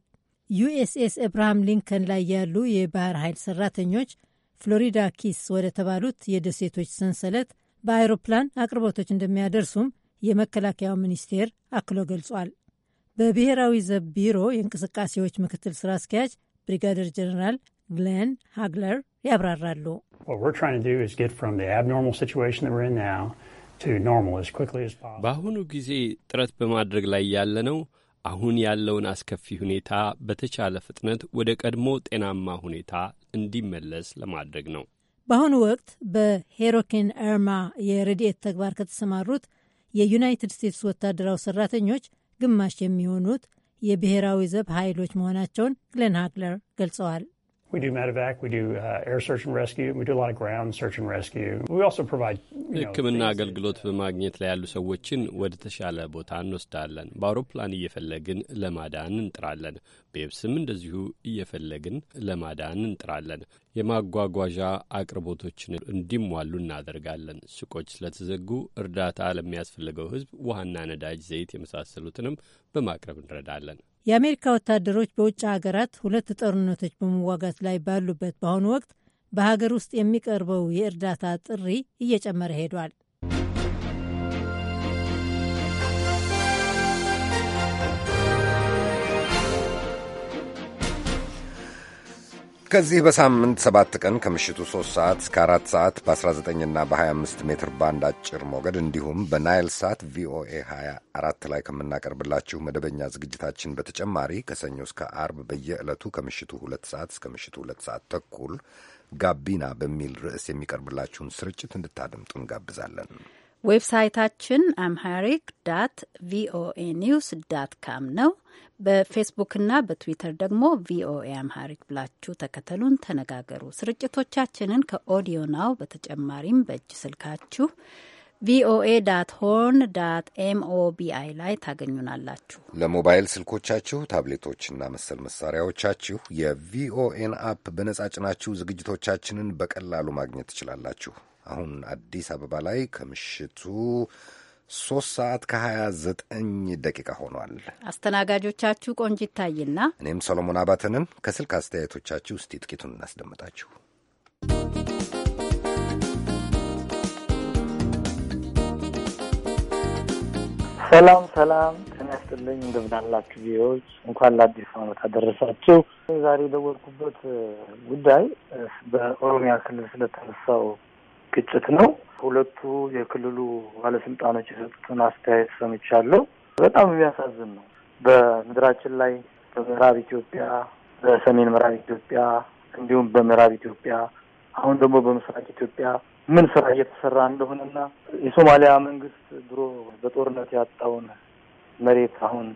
ዩኤስኤስ ኤብርሃም ሊንከን ላይ ያሉ የባህር ኃይል ሰራተኞች ፍሎሪዳ ኪስ ወደ ተባሉት የደሴቶች ሰንሰለት በአይሮፕላን አቅርቦቶች እንደሚያደርሱም የመከላከያው ሚኒስቴር አክሎ ገልጿል። በብሔራዊ ዘብ ቢሮ የእንቅስቃሴዎች ምክትል ስራ አስኪያጅ ብሪጋደር ጀነራል ግሌን ሃግለር ያብራራሉ። በአሁኑ ጊዜ ጥረት በማድረግ ላይ ያለነው አሁን ያለውን አስከፊ ሁኔታ በተቻለ ፍጥነት ወደ ቀድሞ ጤናማ ሁኔታ እንዲመለስ ለማድረግ ነው። በአሁኑ ወቅት በሄሮኬን አርማ የረድኤት ተግባር ከተሰማሩት የዩናይትድ ስቴትስ ወታደራዊ ሰራተኞች ግማሽ የሚሆኑት የብሔራዊ ዘብ ኃይሎች መሆናቸውን ግለን ሃክለር ገልጸዋል። We do medevac, we do uh, air search and rescue, we do a lot of ground search and rescue. We also provide ሕክምና አገልግሎት በማግኘት ላይ ያሉ ሰዎችን ወደ ተሻለ ቦታ እንወስዳለን። በአውሮፕላን እየፈለግን ለማዳን እንጥራለን። በየብስም እንደዚሁ እየፈለግን ለማዳን እንጥራለን። የማጓጓዣ አቅርቦቶችን እንዲሟሉ እናደርጋለን። ሱቆች ስለተዘጉ እርዳታ ለሚያስፈልገው ሕዝብ ውሃና ነዳጅ፣ ዘይት የመሳሰሉትንም በማቅረብ እንረዳለን። የአሜሪካ ወታደሮች በውጭ ሀገራት ሁለት ጦርነቶች በመዋጋት ላይ ባሉበት በአሁኑ ወቅት በሀገር ውስጥ የሚቀርበው የእርዳታ ጥሪ እየጨመረ ሄዷል። ከዚህ በሳምንት ሰባት ቀን ከምሽቱ 3 ሰዓት እስከ 4 ሰዓት በ19 እና በ25 ሜትር ባንድ አጭር ሞገድ እንዲሁም በናይል ሳት ቪኦኤ 24 ላይ ከምናቀርብላችሁ መደበኛ ዝግጅታችን በተጨማሪ ከሰኞ እስከ አርብ በየዕለቱ ከምሽቱ 2 ሰዓት እስከ ምሽቱ 2 ሰዓት ተኩል ጋቢና በሚል ርዕስ የሚቀርብላችሁን ስርጭት እንድታደምጡ እንጋብዛለን። ዌብሳይታችን አምሃሪክ ዳት ቪኦኤ ኒውስ ዳት ካም ነው። በፌስቡክና በትዊተር ደግሞ ቪኦኤ አምሃሪክ ብላችሁ ተከተሉን፣ ተነጋገሩ። ስርጭቶቻችንን ከኦዲዮ ናው በተጨማሪም በእጅ ስልካችሁ ቪኦኤ ዳት ሆን ዳት ኤምኦቢአይ ላይ ታገኙናላችሁ። ለሞባይል ስልኮቻችሁ ታብሌቶችና መሰል መሳሪያዎቻችሁ የቪኦኤን አፕ በነጻ ጭናችሁ ዝግጅቶቻችንን በቀላሉ ማግኘት ትችላላችሁ። አሁን አዲስ አበባ ላይ ከምሽቱ ሶስት ሰዓት ከሀያ ዘጠኝ ደቂቃ ሆኗል። አስተናጋጆቻችሁ ቆንጅ ይታይና እኔም ሰሎሞን አባተንን ከስልክ አስተያየቶቻችሁ እስቲ ጥቂቱን እናስደምጣችሁ። ሰላም ሰላም፣ ጤና ይስጥልኝ። እንደምናላችሁ ቪዎች እንኳን ለአዲስ ዓመት አደረሳችሁ። ዛሬ የደወልኩበት ጉዳይ በኦሮሚያ ክልል ስለተነሳው ግጭት ነው። ሁለቱ የክልሉ ባለስልጣኖች የሰጡትን አስተያየት ሰምቻለሁ። በጣም የሚያሳዝን ነው። በምድራችን ላይ በምዕራብ ኢትዮጵያ፣ በሰሜን ምዕራብ ኢትዮጵያ እንዲሁም በምዕራብ ኢትዮጵያ አሁን ደግሞ በምስራቅ ኢትዮጵያ ምን ስራ እየተሰራ እንደሆነና የሶማሊያ መንግስት ድሮ በጦርነት ያጣውን መሬት አሁን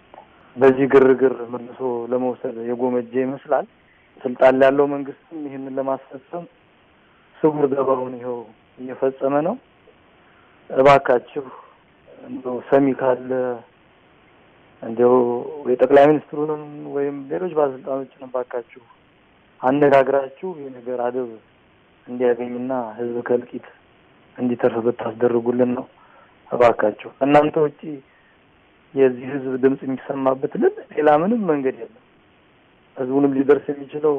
በዚህ ግርግር መልሶ ለመውሰድ የጎመጀ ይመስላል። ስልጣን ያለው መንግስትም ይህንን ለማስፈጸም ስውር ገባውን ይኸው እየፈጸመ ነው። እባካችሁ እንደው ሰሚ ካለ እንዲው የጠቅላይ ሚኒስትሩንም ወይም ሌሎች ባለስልጣኖችንም እባካችሁ አነጋግራችሁ የነገር አደብ እንዲያገኝና ህዝብ ከእልቂት እንዲተርፍ ብታስደርጉልን ነው። እባካችሁ እናንተ ውጪ የዚህ ህዝብ ድምፅ የሚሰማበት ሌላ ምንም መንገድ የለም። ህዝቡንም ሊደርስ የሚችለው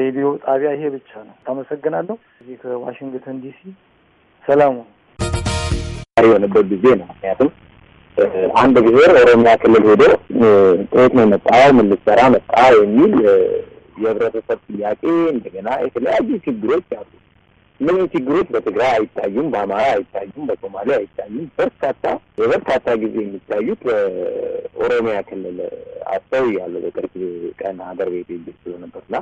ሬዲዮ ጣቢያ ይሄ ብቻ ነው። አመሰግናለሁ። እዚህ ከዋሽንግተን ዲሲ ሰላሙ የሆነበት ጊዜ ነው። ምክንያቱም አንድ ብሔር ኦሮሚያ ክልል ሄዶ ጤት ነው መጣ፣ ምን ልትሰራ መጣ የሚል የህብረተሰብ ጥያቄ እንደገና የተለያዩ ችግሮች አሉ። እነዚህ ችግሮች በትግራይ አይታዩም፣ በአማራ አይታዩም፣ በሶማሌ አይታዩም። በርካታ የበርካታ ጊዜ የሚታዩት በኦሮሚያ ክልል አስተውያለሁ። በቅርብ ቀን ሀገር ቤት ስለነበርና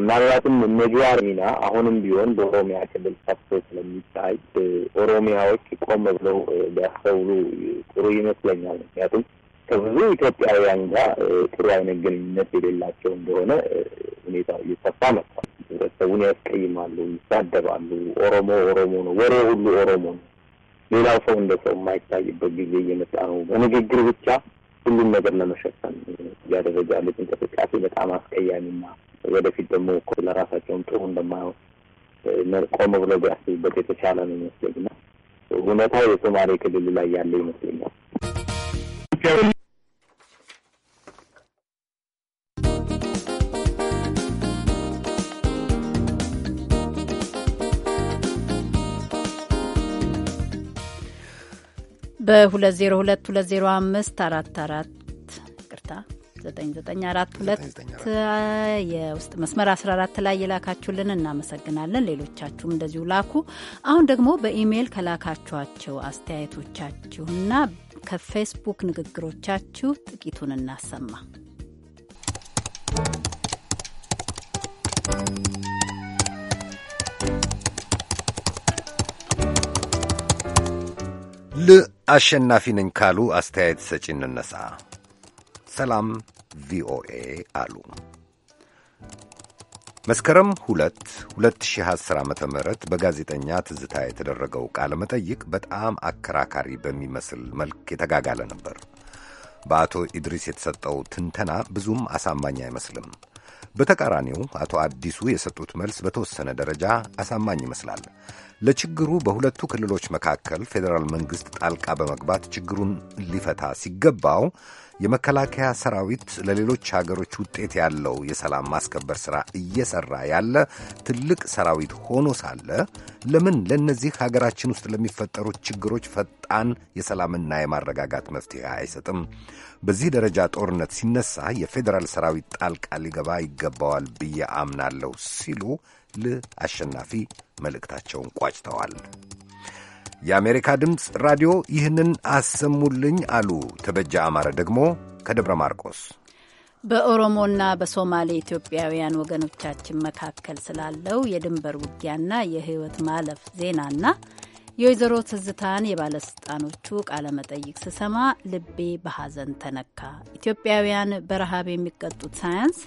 ምናልባትም መግባር ሚና አሁንም ቢሆን በኦሮሚያ ክልል ሰፍቶ ስለሚታይ ኦሮሚያዎች ቆም ብለው ሊያስተውሉ ጥሩ ይመስለኛል። ምክንያቱም ከብዙ ኢትዮጵያውያን ጋር ጥሩ አይነት ግንኙነት የሌላቸው እንደሆነ ሁኔታው እየሰፋ መጥቷል። ህብረተሰቡን ያስቀይማሉ፣ ይሳደባሉ። ኦሮሞ ኦሮሞ ነው፣ ወሬ ሁሉ ኦሮሞ ነው። ሌላው ሰው እንደ ሰው የማይታይበት ጊዜ እየመጣ ነው። በንግግር ብቻ ሁሉም ነገር ለመሸፈን እያደረገ እንቅስቃሴ በጣም አስቀያሚና ወደፊት ደግሞ ለራሳቸውም ጥሩ እንደማይሆን ቆም ብለው ቢያስቡበት የተሻለ ነው ይመስለኝና እውነታው የሶማሌ ክልል ላይ ያለ ይመስለኛል። በ202205 44 ቅርታ 9942 የውስጥ መስመር 14 ላይ የላካችሁልን እናመሰግናለን። ሌሎቻችሁም እንደዚሁ ላኩ። አሁን ደግሞ በኢሜይል ከላካችኋቸው አስተያየቶቻችሁና ከፌስቡክ ንግግሮቻችሁ ጥቂቱን እናሰማ። ል አሸናፊ ነኝ ካሉ አስተያየት ሰጪ እንነሳ። ሰላም ቪኦኤ አሉ። መስከረም 2 2010 ዓ ም በጋዜጠኛ ትዝታ የተደረገው ቃለ መጠይቅ በጣም አከራካሪ በሚመስል መልክ የተጋጋለ ነበር። በአቶ ኢድሪስ የተሰጠው ትንተና ብዙም አሳማኝ አይመስልም። በተቃራኒው አቶ አዲሱ የሰጡት መልስ በተወሰነ ደረጃ አሳማኝ ይመስላል። ለችግሩ በሁለቱ ክልሎች መካከል ፌዴራል መንግሥት ጣልቃ በመግባት ችግሩን ሊፈታ ሲገባው የመከላከያ ሰራዊት ለሌሎች ሀገሮች ውጤት ያለው የሰላም ማስከበር ሥራ እየሠራ ያለ ትልቅ ሰራዊት ሆኖ ሳለ ለምን ለእነዚህ ሀገራችን ውስጥ ለሚፈጠሩ ችግሮች ፈጣን የሰላምና የማረጋጋት መፍትሄ አይሰጥም? በዚህ ደረጃ ጦርነት ሲነሳ የፌዴራል ሰራዊት ጣልቃ ሊገባ ይገባዋል ብዬ አምናለሁ ሲሉ አሸናፊ መልእክታቸውን ቋጭተዋል። የአሜሪካ ድምፅ ራዲዮ ይህንን አሰሙልኝ አሉ። ተበጀ አማረ ደግሞ ከደብረ ማርቆስ በኦሮሞና በሶማሌ ኢትዮጵያውያን ወገኖቻችን መካከል ስላለው የድንበር ውጊያና የህይወት ማለፍ ዜናና የወይዘሮ ትዝታን የባለስልጣኖቹ ቃለመጠይቅ ስሰማ ልቤ በሐዘን ተነካ። ኢትዮጵያውያን በረሃብ የሚቀጡት ሳያንስ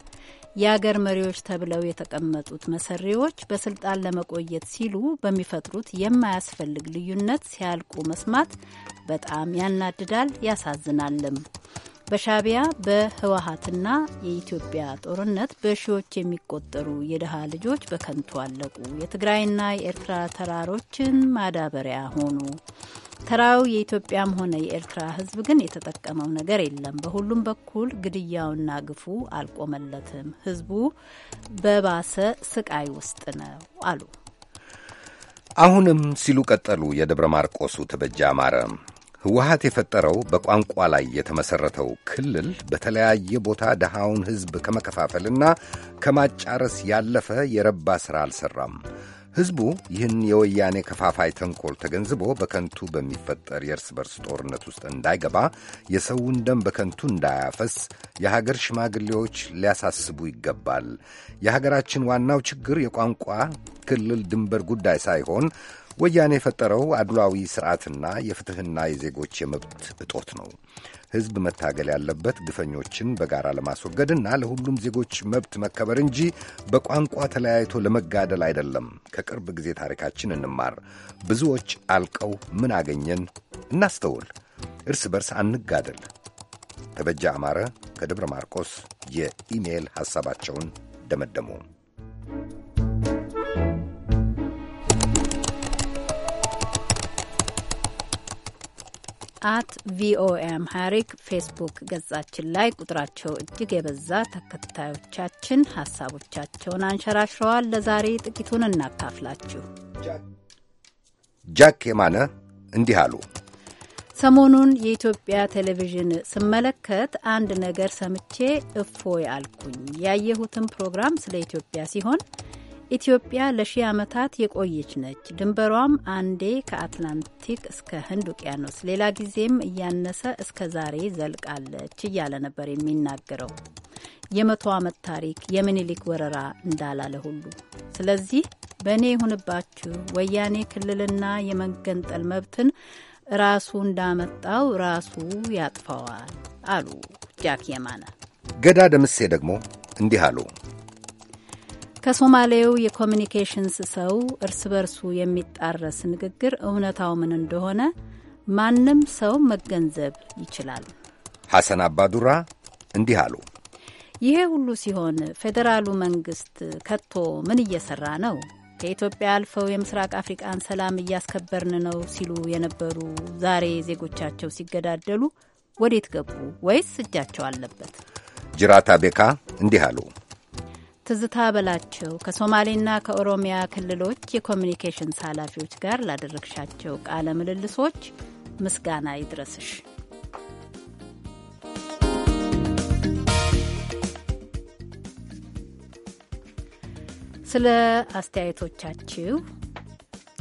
የአገር መሪዎች ተብለው የተቀመጡት መሰሪዎች በስልጣን ለመቆየት ሲሉ በሚፈጥሩት የማያስፈልግ ልዩነት ሲያልቁ መስማት በጣም ያናድዳል፣ ያሳዝናልም። በሻቢያ በህወሀትና የኢትዮጵያ ጦርነት በሺዎች የሚቆጠሩ የድሃ ልጆች በከንቱ አለቁ። የትግራይና የኤርትራ ተራሮችን ማዳበሪያ ሆኑ። ተራው የኢትዮጵያም ሆነ የኤርትራ ሕዝብ ግን የተጠቀመው ነገር የለም። በሁሉም በኩል ግድያውና ግፉ አልቆመለትም። ሕዝቡ በባሰ ስቃይ ውስጥ ነው አሉ። አሁንም ሲሉ ቀጠሉ የደብረ ማርቆሱ ተበጃ አማረ። ህወሀት የፈጠረው በቋንቋ ላይ የተመሠረተው ክልል በተለያየ ቦታ ድሃውን ሕዝብ ከመከፋፈልና ከማጫረስ ያለፈ የረባ ሥራ አልሠራም። ሕዝቡ ይህን የወያኔ ከፋፋይ ተንኮል ተገንዝቦ በከንቱ በሚፈጠር የእርስ በርስ ጦርነት ውስጥ እንዳይገባ፣ የሰውን ደም በከንቱ እንዳያፈስ የሀገር ሽማግሌዎች ሊያሳስቡ ይገባል። የሀገራችን ዋናው ችግር የቋንቋ ክልል ድንበር ጉዳይ ሳይሆን ወያኔ የፈጠረው አድሏዊ ስርዓትና የፍትሕና የዜጎች የመብት እጦት ነው። ሕዝብ መታገል ያለበት ግፈኞችን በጋራ ለማስወገድና ለሁሉም ዜጎች መብት መከበር እንጂ በቋንቋ ተለያይቶ ለመጋደል አይደለም። ከቅርብ ጊዜ ታሪካችን እንማር። ብዙዎች አልቀው ምን አገኘን? እናስተውል። እርስ በርስ አንጋደል። ተበጃ አማረ ከደብረ ማርቆስ የኢሜይል ሐሳባቸውን ደመደሙ። አት ቪኦኤ አምሃሪክ ፌስቡክ ገጻችን ላይ ቁጥራቸው እጅግ የበዛ ተከታዮቻችን ሀሳቦቻቸውን አንሸራሽረዋል። ለዛሬ ጥቂቱን እናካፍላችሁ። ጃክ የማነ እንዲህ አሉ። ሰሞኑን የኢትዮጵያ ቴሌቪዥን ስመለከት አንድ ነገር ሰምቼ እፎይ አልኩኝ። ያየሁትን ፕሮግራም ስለ ኢትዮጵያ ሲሆን ኢትዮጵያ ለሺህ ዓመታት የቆየች ነች። ድንበሯም አንዴ ከአትላንቲክ እስከ ህንድ ውቅያኖስ ሌላ ጊዜም እያነሰ እስከ ዛሬ ዘልቃለች እያለ ነበር የሚናገረው የመቶ ዓመት ታሪክ የምኒልክ ወረራ እንዳላለ ሁሉ። ስለዚህ በእኔ ይሁንባችሁ ወያኔ ክልልና የመገንጠል መብትን ራሱ እንዳመጣው ራሱ ያጥፈዋል አሉ ጃክ የማነ። ገዳ ደምሴ ደግሞ እንዲህ አሉ። ከሶማሌው የኮሚኒኬሽንስ ሰው እርስ በርሱ የሚጣረስ ንግግር እውነታው ምን እንደሆነ ማንም ሰው መገንዘብ ይችላል። ሐሰን አባዱራ እንዲህ አሉ። ይሄ ሁሉ ሲሆን ፌዴራሉ መንግስት ከቶ ምን እየሰራ ነው? ከኢትዮጵያ አልፈው የምስራቅ አፍሪቃን ሰላም እያስከበርን ነው ሲሉ የነበሩ ዛሬ ዜጎቻቸው ሲገዳደሉ ወዴት ገቡ? ወይስ እጃቸው አለበት? ጅራታ ቤካ እንዲህ አሉ። ትዝታ በላቸው ከሶማሌና ከኦሮሚያ ክልሎች የኮሚኒኬሽንስ ኃላፊዎች ጋር ላደረግሻቸው ቃለ ምልልሶች ምስጋና ይድረስሽ። ስለ አስተያየቶቻችሁ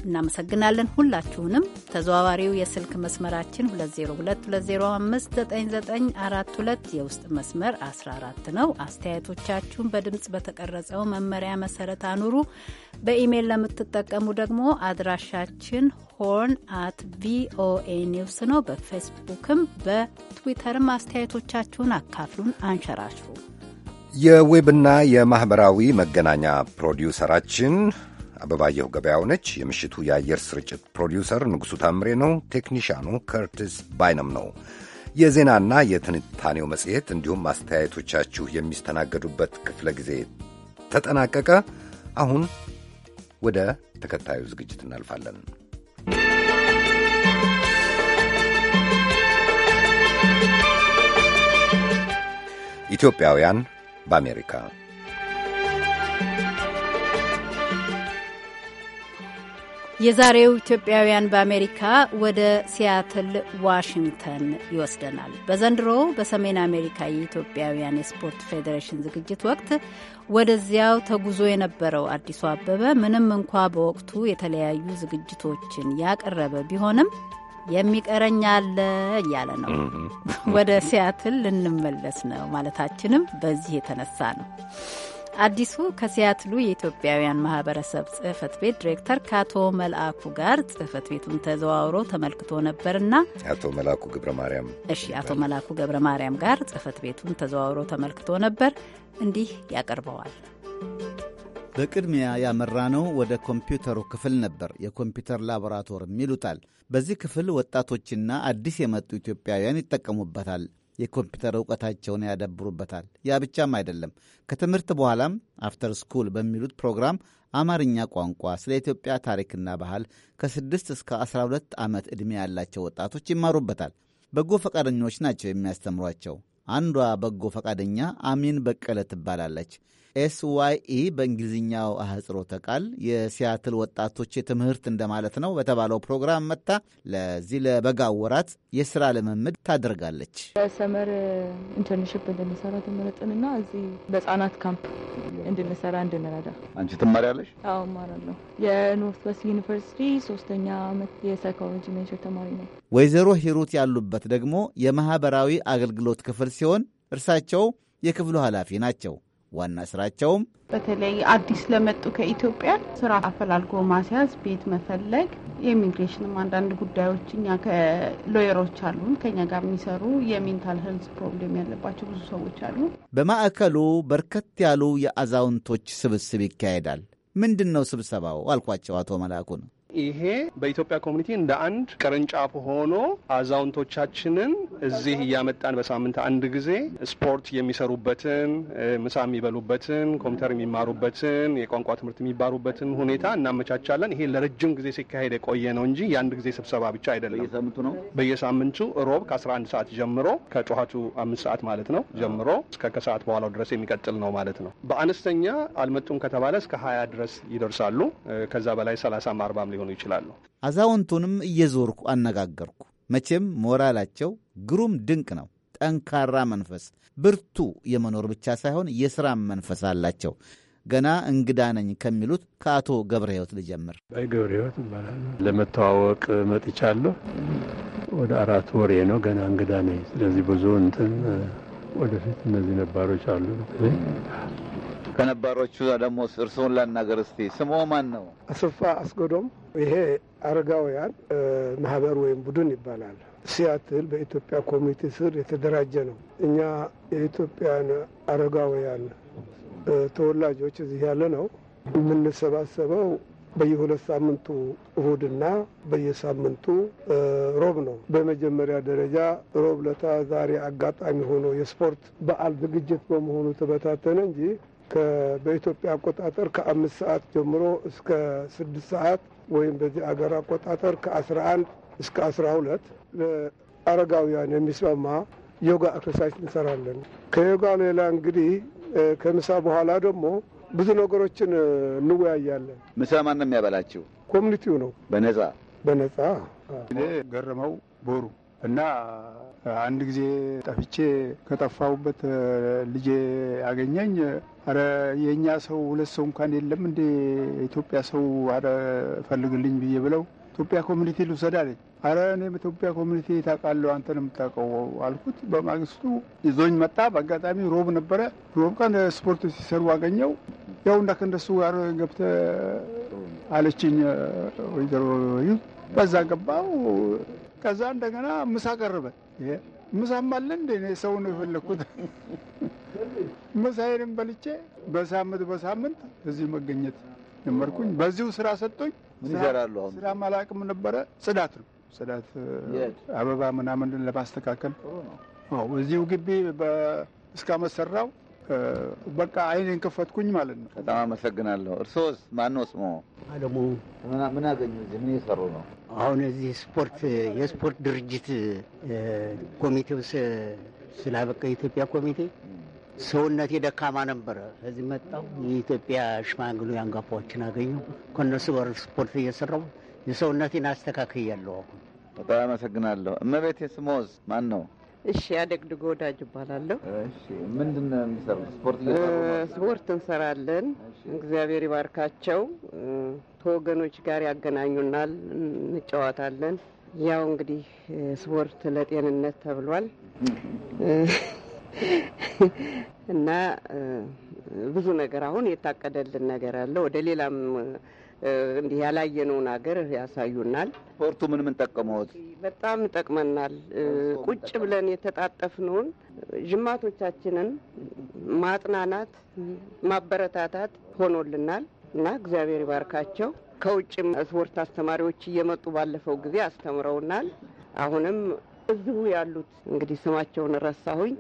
እናመሰግናለን ሁላችሁንም። ተዘዋዋሪው የስልክ መስመራችን 2022059942 የውስጥ መስመር 14 ነው። አስተያየቶቻችሁን በድምፅ በተቀረጸው መመሪያ መሰረት አኑሩ። በኢሜይል ለምትጠቀሙ ደግሞ አድራሻችን ሆርን አት ቪኦኤ ኒውስ ነው። በፌስቡክም በትዊተርም አስተያየቶቻችሁን አካፍሉን፣ አንሸራሽፉ። የዌብና የማኅበራዊ መገናኛ ፕሮዲውሰራችን አበባየሁ ገበያው ነች። የምሽቱ የአየር ስርጭት ፕሮዲውሰር ንጉሡ ታምሬ ነው። ቴክኒሻኑ ከርቲስ ባይነም ነው። የዜናና የትንታኔው መጽሔት እንዲሁም አስተያየቶቻችሁ የሚስተናገዱበት ክፍለ ጊዜ ተጠናቀቀ። አሁን ወደ ተከታዩ ዝግጅት እናልፋለን። ኢትዮጵያውያን በአሜሪካ የዛሬው ኢትዮጵያውያን በአሜሪካ ወደ ሲያትል ዋሽንግተን ይወስደናል። በዘንድሮ በሰሜን አሜሪካ የኢትዮጵያውያን የስፖርት ፌዴሬሽን ዝግጅት ወቅት ወደዚያው ተጉዞ የነበረው አዲሱ አበበ ምንም እንኳ በወቅቱ የተለያዩ ዝግጅቶችን ያቀረበ ቢሆንም የሚቀረኝ አለ እያለ ነው። ወደ ሲያትል ልንመለስ ነው ማለታችንም በዚህ የተነሳ ነው። አዲሱ ከሲያትሉ የኢትዮጵያውያን ማህበረሰብ ጽህፈት ቤት ዲሬክተር ከአቶ መልአኩ ጋር ጽህፈት ቤቱን ተዘዋውሮ ተመልክቶ ነበርና አቶ መልአኩ ገብረ ማርያም እሺ፣ አቶ መልአኩ ገብረ ማርያም ጋር ጽህፈት ቤቱን ተዘዋውሮ ተመልክቶ ነበር። እንዲህ ያቀርበዋል። በቅድሚያ ያመራነው ወደ ኮምፒውተሩ ክፍል ነበር። የኮምፒውተር ላቦራቶርም ይሉታል። በዚህ ክፍል ወጣቶችና አዲስ የመጡ ኢትዮጵያውያን ይጠቀሙበታል። የኮምፒውተር እውቀታቸውን ያዳብሩበታል። ያ ብቻም አይደለም። ከትምህርት በኋላም አፍተር ስኩል በሚሉት ፕሮግራም አማርኛ ቋንቋ፣ ስለ ኢትዮጵያ ታሪክና ባህል ከ6 እስከ 12 ዓመት ዕድሜ ያላቸው ወጣቶች ይማሩበታል። በጎ ፈቃደኞች ናቸው የሚያስተምሯቸው። አንዷ በጎ ፈቃደኛ አሚን በቀለ ትባላለች። ኤስዋይኢ በእንግሊዝኛው አህጽሮተ ቃል የሲያትል ወጣቶች የትምህርት እንደማለት ነው በተባለው ፕሮግራም መጥታ ለዚህ ለበጋ ወራት የስራ ልምምድ ታደርጋለች። ሰመር ኢንተርንሽፕ እንድንሰራ ተመረጥንና እዚህ በህጻናት ካምፕ እንድንሰራ እንድንረዳ። አንቺ ትማሪያለሽ? አዎ እማራለሁ። የኖርት ዌስት ዩኒቨርሲቲ ሶስተኛ ዓመት የሳይኮሎጂ ሜጀር ተማሪ ነው። ወይዘሮ ሂሩት ያሉበት ደግሞ የማህበራዊ አገልግሎት ክፍል ሲሆን እርሳቸው የክፍሉ ኃላፊ ናቸው። ዋና ስራቸውም በተለይ አዲስ ለመጡ ከኢትዮጵያ ስራ አፈላልጎ ማስያዝ፣ ቤት መፈለግ፣ የኢሚግሬሽንም አንዳንድ ጉዳዮች እኛ ከሎየሮች አሉን ከኛ ጋር የሚሰሩ የሜንታል ሄልዝ ፕሮብሌም ያለባቸው ብዙ ሰዎች አሉ። በማዕከሉ በርከት ያሉ የአዛውንቶች ስብስብ ይካሄዳል። ምንድን ነው ስብሰባው? አልኳቸው አቶ መላኩ ነው ይሄ በኢትዮጵያ ኮሚኒቲ እንደ አንድ ቅርንጫፍ ሆኖ አዛውንቶቻችንን እዚህ እያመጣን በሳምንት አንድ ጊዜ ስፖርት የሚሰሩበትን፣ ምሳ የሚበሉበትን፣ ኮምፒውተር የሚማሩበትን፣ የቋንቋ ትምህርት የሚባሩበትን ሁኔታ እናመቻቻለን። ይሄ ለረጅም ጊዜ ሲካሄድ የቆየ ነው እንጂ የአንድ ጊዜ ስብሰባ ብቻ አይደለም። በየሳምንቱ ሮብ ከ11 ሰዓት ጀምሮ ከጠዋቱ አምስት ሰዓት ማለት ነው ጀምሮ እስከ ከሰዓት በኋላው ድረስ የሚቀጥል ነው ማለት ነው። በአነስተኛ አልመጡም ከተባለ እስከ ሀያ ድረስ ይደርሳሉ። ከዛ በላይ ሰላሳም አርባም ሊሆን ሊሆኑ ይችላሉ። አዛውንቱንም እየዞርኩ አነጋገርኩ። መቼም ሞራላቸው ግሩም ድንቅ ነው። ጠንካራ መንፈስ፣ ብርቱ የመኖር ብቻ ሳይሆን የሥራም መንፈስ አላቸው። ገና እንግዳ ነኝ ከሚሉት ከአቶ ገብረ ሕይወት ልጀምር። ገብረ ሕይወት እባላለሁ። ለመተዋወቅ መጥቻለሁ። ወደ አራት ወሬ ነው። ገና እንግዳ ነኝ። ስለዚህ ብዙ እንትን ወደፊት እነዚህ ነባሮች አሉ ከነባሮቹ ደግሞ እርስዎን ላናገር እስቲ። ስምዎ ማን ነው? አስፋ አስገዶም። ይሄ አረጋውያን ማህበር ወይም ቡድን ይባላል። ሲያትል በኢትዮጵያ ኮሚቴ ስር የተደራጀ ነው። እኛ የኢትዮጵያን አረጋውያን ተወላጆች እዚህ ያለ ነው የምንሰባሰበው በየሁለት ሳምንቱ እሁድና በየሳምንቱ ሮብ ነው። በመጀመሪያ ደረጃ ሮብ ለታ ዛሬ አጋጣሚ ሆኖ የስፖርት በዓል ዝግጅት በመሆኑ ተበታተነ እንጂ በኢትዮጵያ አቆጣጠር ከአምስት ሰዓት ጀምሮ እስከ ስድስት ሰዓት ወይም በዚህ አገር አቆጣጠር ከአስራ አንድ እስከ አስራ ሁለት ለአረጋውያን የሚስማማ ዮጋ ኤክሰርሳይዝ እንሰራለን። ከዮጋ ሌላ እንግዲህ ከምሳ በኋላ ደግሞ ብዙ ነገሮችን እንወያያለን። ምሳ ማን ነው የሚያበላችው? ኮሚኒቲው ነው። በነጻ በነጻ። እኔ ገረመው ቦሩ እና አንድ ጊዜ ጠፍቼ ከጠፋሁበት ልጄ አገኘኝ። አረ የእኛ ሰው ሁለት ሰው እንኳን የለም እንደ ኢትዮጵያ ሰው አረ ፈልግልኝ ብዬ ብለው ኢትዮጵያ ኮሚኒቲ ልውሰድ አለኝ። አረ እኔም ኢትዮጵያ ኮሚኒቲ ታውቃለሁ አንተ ነው የምታውቀው አልኩት። በማግስቱ ይዞኝ መጣ። በአጋጣሚ ሮብ ነበረ። ሮብ ቀን ስፖርት ሲሰሩ አገኘው። ያው እንዳክ እንደሱ ጋር ገብተ አለችኝ ወይዘሮ በዛ ገባው ከዛ እንደገና ምሳ ቀረበ። ምሳም አለ እንደ ሰው ነው የፈለግኩት። ምሳዬንም በልቼ በሳምንት በሳምንት እዚህ መገኘት ጀመርኩኝ። በዚሁ ስራ ሰጥቶኝ ስራ ማላቅም ነበረ። ጽዳት ነው ጽዳት፣ አበባ ምናምን ለማስተካከል እዚሁ ግቢ እስካመሰራው በቃ አይኔን ከፈትኩኝ ማለት ነው። በጣም አመሰግናለሁ። እርሶስ ማን ነው ስሞ? አለሙ ምን አገኙ? ምን እየሰሩ ነው? አሁን እዚህ ስፖርት የስፖርት ድርጅት ኮሚቴው ስላበቃ የኢትዮጵያ ኮሚቴ ሰውነቴ ደካማ ነበረ። እዚህ መጣው የኢትዮጵያ ሽማግሉ አንጋፋዎችን አገኙ። ከነሱ ጋር ስፖርት እየሰራው የሰውነቴን አስተካክያለሁ። አሁን በጣም አመሰግናለሁ። እመቤቴ ስሞዝ ማን ነው? እሺ አደግድጎ ወዳጅ እባላለሁ። እሺ ምንድን ስፖርት ስፖርት እንሰራለን። እግዚአብሔር ይባርካቸው። ከወገኖች ጋር ያገናኙናል፣ እንጨዋታለን። ያው እንግዲህ ስፖርት ለጤንነት ተብሏል እና ብዙ ነገር አሁን የታቀደልን ነገር አለ። ወደ ሌላም እንዲህ ያላየነውን ሀገር ያሳዩናል። ስፖርቱ ምን ምን ጠቀመዎት? በጣም ጠቅመናል። ቁጭ ብለን የተጣጠፍነውን ጅማቶቻችንን ማጥናናት ማበረታታት ሆኖልናል እና እግዚአብሔር ይባርካቸው። ከውጭም ስፖርት አስተማሪዎች እየመጡ ባለፈው ጊዜ አስተምረውናል። አሁንም እዚሁ ያሉት እንግዲህ ስማቸውን ረሳሁኝ፣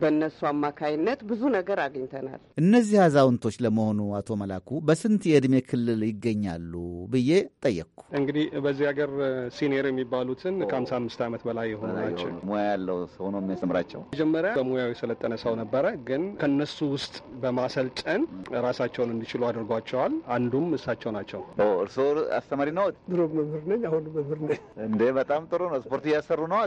በእነሱ አማካይነት ብዙ ነገር አግኝተናል። እነዚህ አዛውንቶች ለመሆኑ አቶ መላኩ በስንት የእድሜ ክልል ይገኛሉ ብዬ ጠየቅኩ። እንግዲህ በዚህ ሀገር ሲኒየር የሚባሉትን ከሀምሳ አምስት ዓመት በላይ የሆኑ ናቸው። ሙያ ያለው ሰው ነው የሚያስተምራቸው። መጀመሪያ በሙያው የሰለጠነ ሰው ነበረ፣ ግን ከነሱ ውስጥ በማሰልጠን ራሳቸውን እንዲችሉ አድርጓቸዋል። አንዱም እሳቸው ናቸው። እርስዎ አስተማሪ ነው? ድሮ መምህር ነኝ፣ አሁን መምህር ነኝ። እንዴ በጣም ጥሩ ነው። ስፖርት እያሰሩ ነው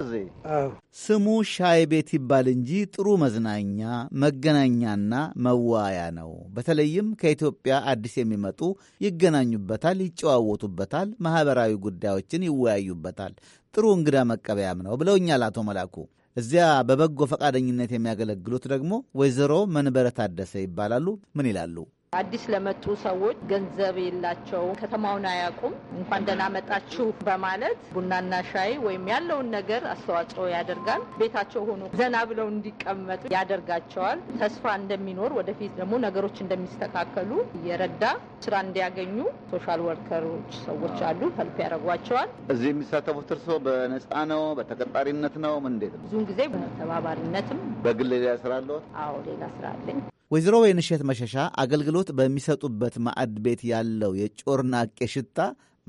ስሙ ሻይ ቤት ይባል እንጂ ጥሩ መዝናኛ፣ መገናኛና መዋያ ነው። በተለይም ከኢትዮጵያ አዲስ የሚመጡ ይገናኙበታል፣ ይጨዋወቱበታል፣ ማህበራዊ ጉዳዮችን ይወያዩበታል። ጥሩ እንግዳ መቀበያም ነው ብለውኛል አቶ መላኩ። እዚያ በበጎ ፈቃደኝነት የሚያገለግሉት ደግሞ ወይዘሮ መንበረ ታደሰ ይባላሉ። ምን ይላሉ? አዲስ ለመጡ ሰዎች ገንዘብ የላቸው፣ ከተማውን አያውቁም። እንኳን ደህና መጣችሁ በማለት ቡናና ሻይ ወይም ያለውን ነገር አስተዋጽኦ ያደርጋል። ቤታቸው ሆኖ ዘና ብለው እንዲቀመጡ ያደርጋቸዋል። ተስፋ እንደሚኖር ወደፊት ደግሞ ነገሮች እንደሚስተካከሉ እየረዳ ስራ እንዲያገኙ ሶሻል ወርከሮች ሰዎች አሉ፣ ፈልፍ ያደርጓቸዋል። እዚህ የሚሳተፉት እርስዎ በነፃ ነው? በተቀጣሪነት ነው? እንዴት ነው? ብዙውን ጊዜ በተባባሪነትም። በግል ሌላ ስራ አለዎት? አዎ ሌላ ስራ አለኝ። ወይዘሮ ወይንሸት መሸሻ አገልግሎት በሚሰጡበት ማዕድ ቤት ያለው የጮርናቄ ሽታ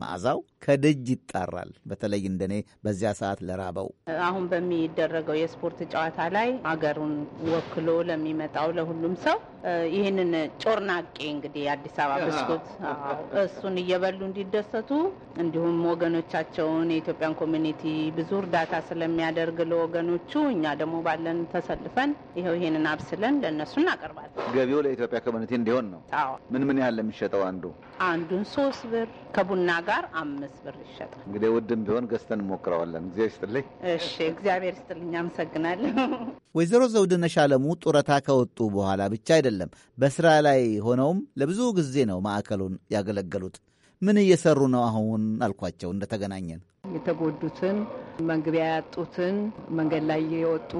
መዓዛው ከደጅ ይጣራል። በተለይ እንደኔ በዚያ ሰዓት ለራበው አሁን በሚደረገው የስፖርት ጨዋታ ላይ አገሩን ወክሎ ለሚመጣው ለሁሉም ሰው ይህንን ጮርናቄ እንግዲህ አዲስ አበባ ብስኩት እሱን እየበሉ እንዲደሰቱ እንዲሁም ወገኖቻቸውን የኢትዮጵያን ኮሚኒቲ ብዙ እርዳታ ስለሚያደርግ ለወገኖቹ እኛ ደግሞ ባለን ተሰልፈን ይኸው ይህንን አብስለን ለእነሱ እናቀርባለን። ገቢው ለኢትዮጵያ ኮሚኒቲ እንዲሆን ነው። ምን ምን ያህል የሚሸጠው አንዱ አንዱን ሶስት ብር ከቡና ጋር አምስት ድረስ ብር ይሸጣል። እንግዲህ ውድም ቢሆን ገዝተን እንሞክረዋለን። እግዚአብሔር ይስጥልኝ። እሺ፣ እግዚአብሔር ይስጥልኝ። አመሰግናለሁ። ወይዘሮ ዘውድነሽ አለሙ ጡረታ ከወጡ በኋላ ብቻ አይደለም በስራ ላይ ሆነውም ለብዙ ጊዜ ነው ማዕከሉን ያገለገሉት። ምን እየሰሩ ነው አሁን አልኳቸው እንደተገናኘን የተጎዱትን፣ መግቢያ ያጡትን፣ መንገድ ላይ የወጡ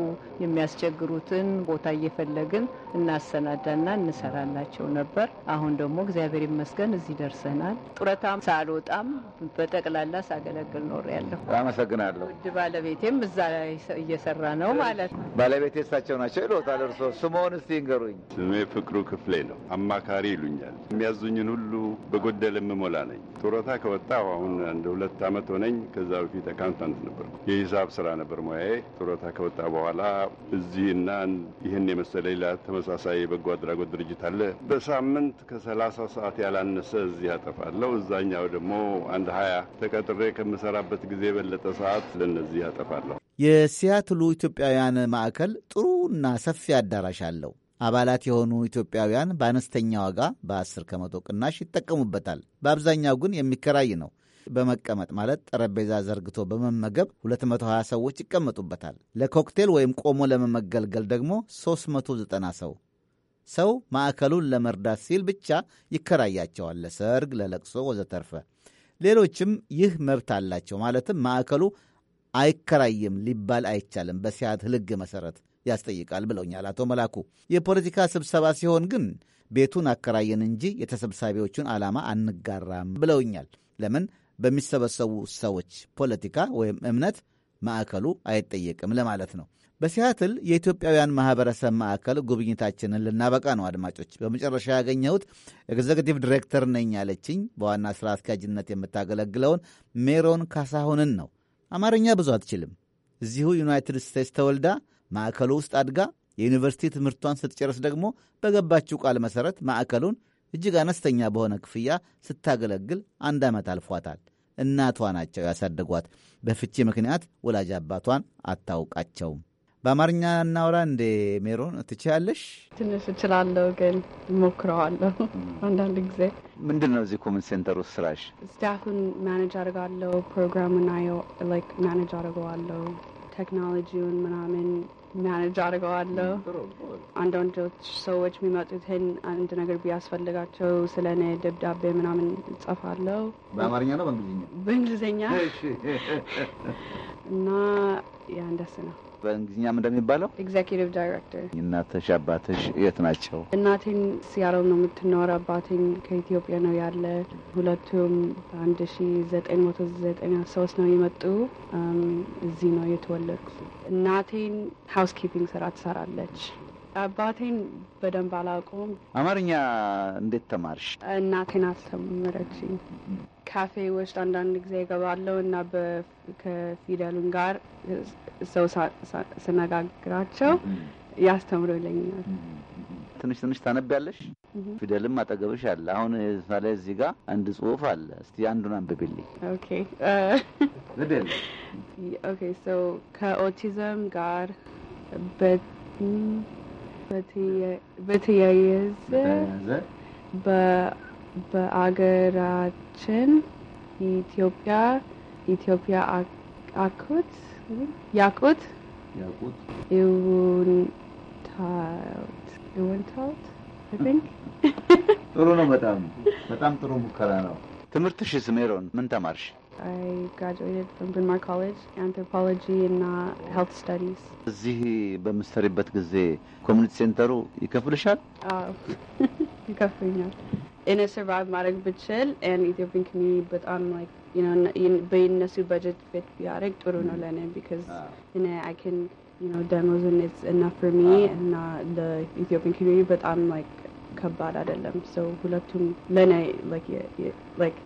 የሚያስቸግሩትን ቦታ እየፈለግን እናሰናዳና እንሰራላቸው ነበር። አሁን ደግሞ እግዚአብሔር ይመስገን እዚህ ደርሰናል። ጡረታም ሳልወጣም በጠቅላላ ሳገለግል ኖር ያለሁ አመሰግናለሁ። ውድ ባለቤቴም እዛ እየሰራ ነው ማለት ነው። ባለቤቴ እሳቸው ናቸው ይሎታል። እርሶ ስምዎን እስቲ ይንገሩኝ። ስሜ ፍቅሩ ክፍሌ ነው። አማካሪ ይሉኛል። የሚያዙኝን ሁሉ በጎደል የምሞላ ነኝ። ጡረታ ከወጣሁ አሁን አንድ ሁለት አመት ሆነኝ። ከዛ በፊት አካውንታንት ነበርኩ። የሂሳብ ስራ ነበር ሙያዬ። ጡረታ ከወጣ በኋላ እዚህና ይህን የመሰለ ሌላ ተመሳሳይ የበጎ አድራጎት ድርጅት አለ። በሳምንት ከሰላሳ ሰዓት ያላነሰ እዚህ አጠፋለሁ። እዛኛው ደግሞ አንድ ሀያ ተቀጥሬ ከምሰራበት ጊዜ የበለጠ ሰዓት ለነዚህ አጠፋለሁ። የሲያትሉ ኢትዮጵያውያን ማዕከል ጥሩና ሰፊ አዳራሽ አለው። አባላት የሆኑ ኢትዮጵያውያን በአነስተኛ ዋጋ በ10 ከመቶ ቅናሽ ይጠቀሙበታል። በአብዛኛው ግን የሚከራይ ነው። በመቀመጥ ማለት ጠረጴዛ ዘርግቶ በመመገብ 220 ሰዎች ይቀመጡበታል። ለኮክቴል ወይም ቆሞ ለመመገልገል ደግሞ 390 ሰው ሰው ማዕከሉን ለመርዳት ሲል ብቻ ይከራያቸዋል። ለሰርግ፣ ለለቅሶ ወዘተርፈ። ሌሎችም ይህ መብት አላቸው። ማለትም ማዕከሉ አይከራይም ሊባል አይቻልም። በሲያት ሕግ መሠረት ያስጠይቃል ብለውኛል አቶ መላኩ። የፖለቲካ ስብሰባ ሲሆን ግን ቤቱን አከራየን እንጂ የተሰብሳቢዎቹን ዓላማ አንጋራም ብለውኛል። ለምን በሚሰበሰቡ ሰዎች ፖለቲካ ወይም እምነት ማዕከሉ አይጠየቅም ለማለት ነው። በሲያትል የኢትዮጵያውያን ማህበረሰብ ማዕከል ጉብኝታችንን ልናበቃ ነው አድማጮች። በመጨረሻ ያገኘሁት ኤግዜክቲቭ ዲሬክተር ነኝ ያለችኝ በዋና ስራ አስኪያጅነት የምታገለግለውን ሜሮን ካሳሁንን ነው። አማርኛ ብዙ አትችልም። እዚሁ ዩናይትድ ስቴትስ ተወልዳ ማዕከሉ ውስጥ አድጋ የዩኒቨርሲቲ ትምህርቷን ስትጨርስ ደግሞ በገባችው ቃል መሰረት ማዕከሉን እጅግ አነስተኛ በሆነ ክፍያ ስታገለግል አንድ ዓመት አልፏታል። እናቷ ናቸው ያሳደጓት። በፍቺ ምክንያት ወላጅ አባቷን አታውቃቸውም። በአማርኛ እናውራ እንዴ ሜሮን፣ ትችያለሽ? ትንሽ እችላለሁ፣ ግን ሞክረዋለሁ አንዳንድ ጊዜ ምንድን ነው እዚህ ኮመን ሴንተር ውስጥ ስራሽ? ስታፍን ማኔጅ አድርጋለሁ። ፕሮግራሙን ናየው ማኔጅ አድርገዋለሁ። ቴክኖሎጂውን ምናምን ማኔጅ አድርገዋለሁ። አንዳንዶች ሰዎች የሚመጡት አንድ ነገር ቢያስፈልጋቸው ስለ እኔ ደብዳቤ ምናምን ጽፋለሁ። በአማርኛ ነው በእንግሊዝኛ? በእንግሊዝኛ እና ያን ደስ ነው በእንግሊዝኛም እንደሚባለው ኤግዜኪቲቭ ዳይሬክተር። እናትሽ አባትሽ የት ናቸው? እናቴን ሲያረው ነው የምትኖር፣ አባቴን ከኢትዮጵያ ነው ያለ። ሁለቱም በአንድ ሺ ዘጠኝ መቶ ዘጠና ሶስት ነው የመጡ። እዚህ ነው የተወለድኩ። እናቴን ሃውስ ኪፒንግ ስራ ትሰራለች። አባቴን በደንብ አላውቀውም። አማርኛ እንዴት ተማርሽ? እናቴን አስተምረችኝ። ካፌ ውስጥ አንዳንድ ጊዜ እገባለሁ እና ከፊደሉን ጋር ሰው ስነጋግራቸው ያስተምሩልኛል። ትንሽ ትንሽ ታነቢያለሽ። ፊደልም አጠገብሽ አለ። አሁን ሳለ እዚህ ጋር አንድ ጽሁፍ አለ። እስቲ አንዱን አንብብልኝ። ኦኬ ከኦቲዝም ጋር በተያያዘ በአገራችን ኢትዮጵያ ኢትዮጵያ አኩት ያቁት ይውንታውት ጥሩ ነው። በጣም በጣም ጥሩ ሙከራ ነው። ትምህርትሽ ሜሮን ምን ተማርሽ? I graduated from Bryn Mawr College, Anthropology and Health Studies. እዚህ በምትሰሪበት ጊዜ ኮሚኒቲ ሴንተሩ ይከፍልሻል? አዎ ይከፍለኛል። እኔ ሰርቫይቭ ማድረግ ብችል ኤን ኢትዮጵያን ኮሚኒቲ በጣም ላይክ ዩ ኖ በእነሱ በጀት ፊት ቢያደርግ ጥሩ ነው ለኔ ቢካዝ እኔ አይ ካን ዩ ኖ ደሞዝ ኢትስ ኢናፍ ፎር ሚ እና ለኢትዮጵያን ኮሚኒቲ በጣም ላይክ ከባድ አይደለም። ሶ ሁለቱም ለኔ ላይክ ላይክ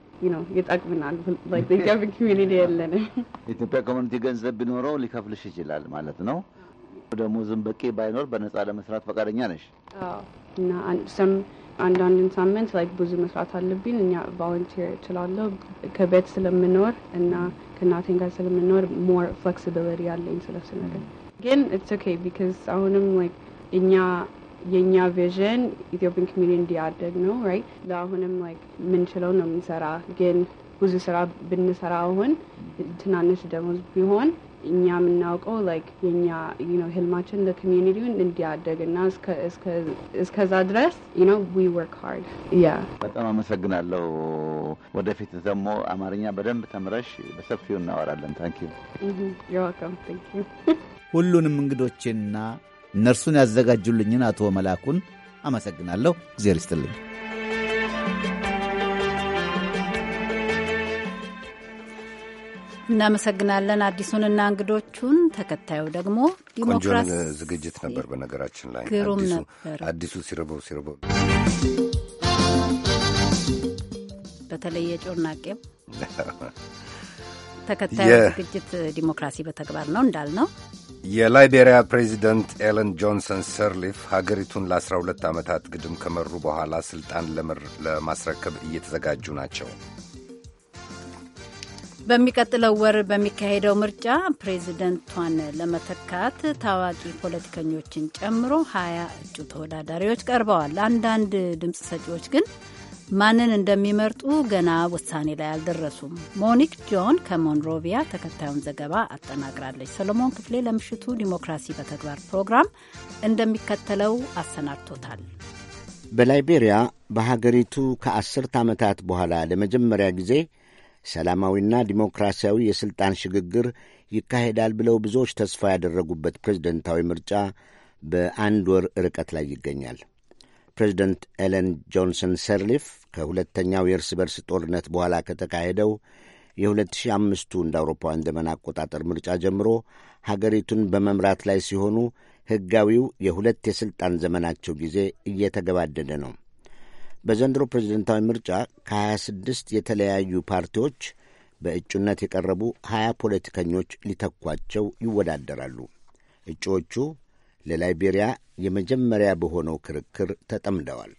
ይጠቅምናል። በኢትዮጵያ ኮሚኒቲ የለንም። የኢትዮጵያ ኮሚኒቲ ገንዘብ ቢኖረው ሊከፍልሽ ይችላል ማለት ነው። ደሞዝም በቂ ባይኖር በነፃ ለመስራት ፈቃደኛ ነሽ እና ስም አንዳንድን ሳምንት ላይ ብዙ መስራት አለብኝ። እኛ ቫለንቲር እችላለሁ ከቤት ስለምኖር እና ከእናቴን ጋር ስለምኖር ሞር ፍሌክሲቢሊቲ ያለኝ ስለሱ ነገር ግን ኢትስ ኦኬ ቢካዝ አሁንም እኛ የእኛ ቪዥን ኢትዮጵያን ኮሚኒቲ እንዲያደግ ነው። ራይት ለአሁንም ላይክ ምንችለው ነው የምንሰራ ግን ብዙ ስራ ብንሰራ አሁን ትናንሽ ደሞዝ ቢሆን እኛ የምናውቀው ላይክ የኛ ነው ህልማችን ለኮሚኒቲውን እንዲያደግ እና እስከዛ ድረስ ነው ዊ ወርክ ሃርድ። ያ በጣም አመሰግናለሁ። ወደፊት ደግሞ አማርኛ በደንብ ተምረሽ በሰፊው እናወራለን። ታንኪዩ mm-hmm. ሁሉንም እንግዶቼና እነርሱን ያዘጋጁልኝን አቶ መላኩን አመሰግናለሁ። እግዜር ይስጥልኝ። እናመሰግናለን አዲሱንና እንግዶቹን። ተከታዩ ደግሞ ዲሞክራሲ ዝግጅት ነበር። በነገራችን ላይ ግሩም ነበር። አዲሱ ሲርበው ሲርበው በተለየ ጮርናቄው ተከታዩ ዝግጅት ዲሞክራሲ በተግባር ነው እንዳልነው የላይቤሪያ ፕሬዚደንት ኤለን ጆንሰን ሰርሊፍ ሀገሪቱን ለ12 ዓመታት ግድም ከመሩ በኋላ ስልጣን ለማስረከብ እየተዘጋጁ ናቸው። በሚቀጥለው ወር በሚካሄደው ምርጫ ፕሬዚደንቷን ለመተካት ታዋቂ ፖለቲከኞችን ጨምሮ ሀያ እጩ ተወዳዳሪዎች ቀርበዋል። አንዳንድ ድምፅ ሰጪዎች ግን ማንን እንደሚመርጡ ገና ውሳኔ ላይ አልደረሱም። ሞኒክ ጆን ከሞንሮቪያ ተከታዩን ዘገባ አጠናቅራለች። ሰሎሞን ክፍሌ ለምሽቱ ዲሞክራሲ በተግባር ፕሮግራም እንደሚከተለው አሰናድቶታል። በላይቤሪያ በሀገሪቱ ከአስርት ዓመታት በኋላ ለመጀመሪያ ጊዜ ሰላማዊና ዲሞክራሲያዊ የሥልጣን ሽግግር ይካሄዳል ብለው ብዙዎች ተስፋ ያደረጉበት ፕሬዝደንታዊ ምርጫ በአንድ ወር ርቀት ላይ ይገኛል። ፕሬዚደንት ኤለን ጆንሰን ሰርሊፍ ከሁለተኛው የእርስ በርስ ጦርነት በኋላ ከተካሄደው የ2005ቱ እንደ አውሮፓውያን ዘመን አቆጣጠር ምርጫ ጀምሮ ሀገሪቱን በመምራት ላይ ሲሆኑ ሕጋዊው የሁለት የሥልጣን ዘመናቸው ጊዜ እየተገባደደ ነው። በዘንድሮ ፕሬዝደንታዊ ምርጫ ከ26 የተለያዩ ፓርቲዎች በእጩነት የቀረቡ 20 ፖለቲከኞች ሊተኳቸው ይወዳደራሉ። እጩዎቹ ለላይቤሪያ የመጀመሪያ በሆነው ክርክር ተጠምደዋል።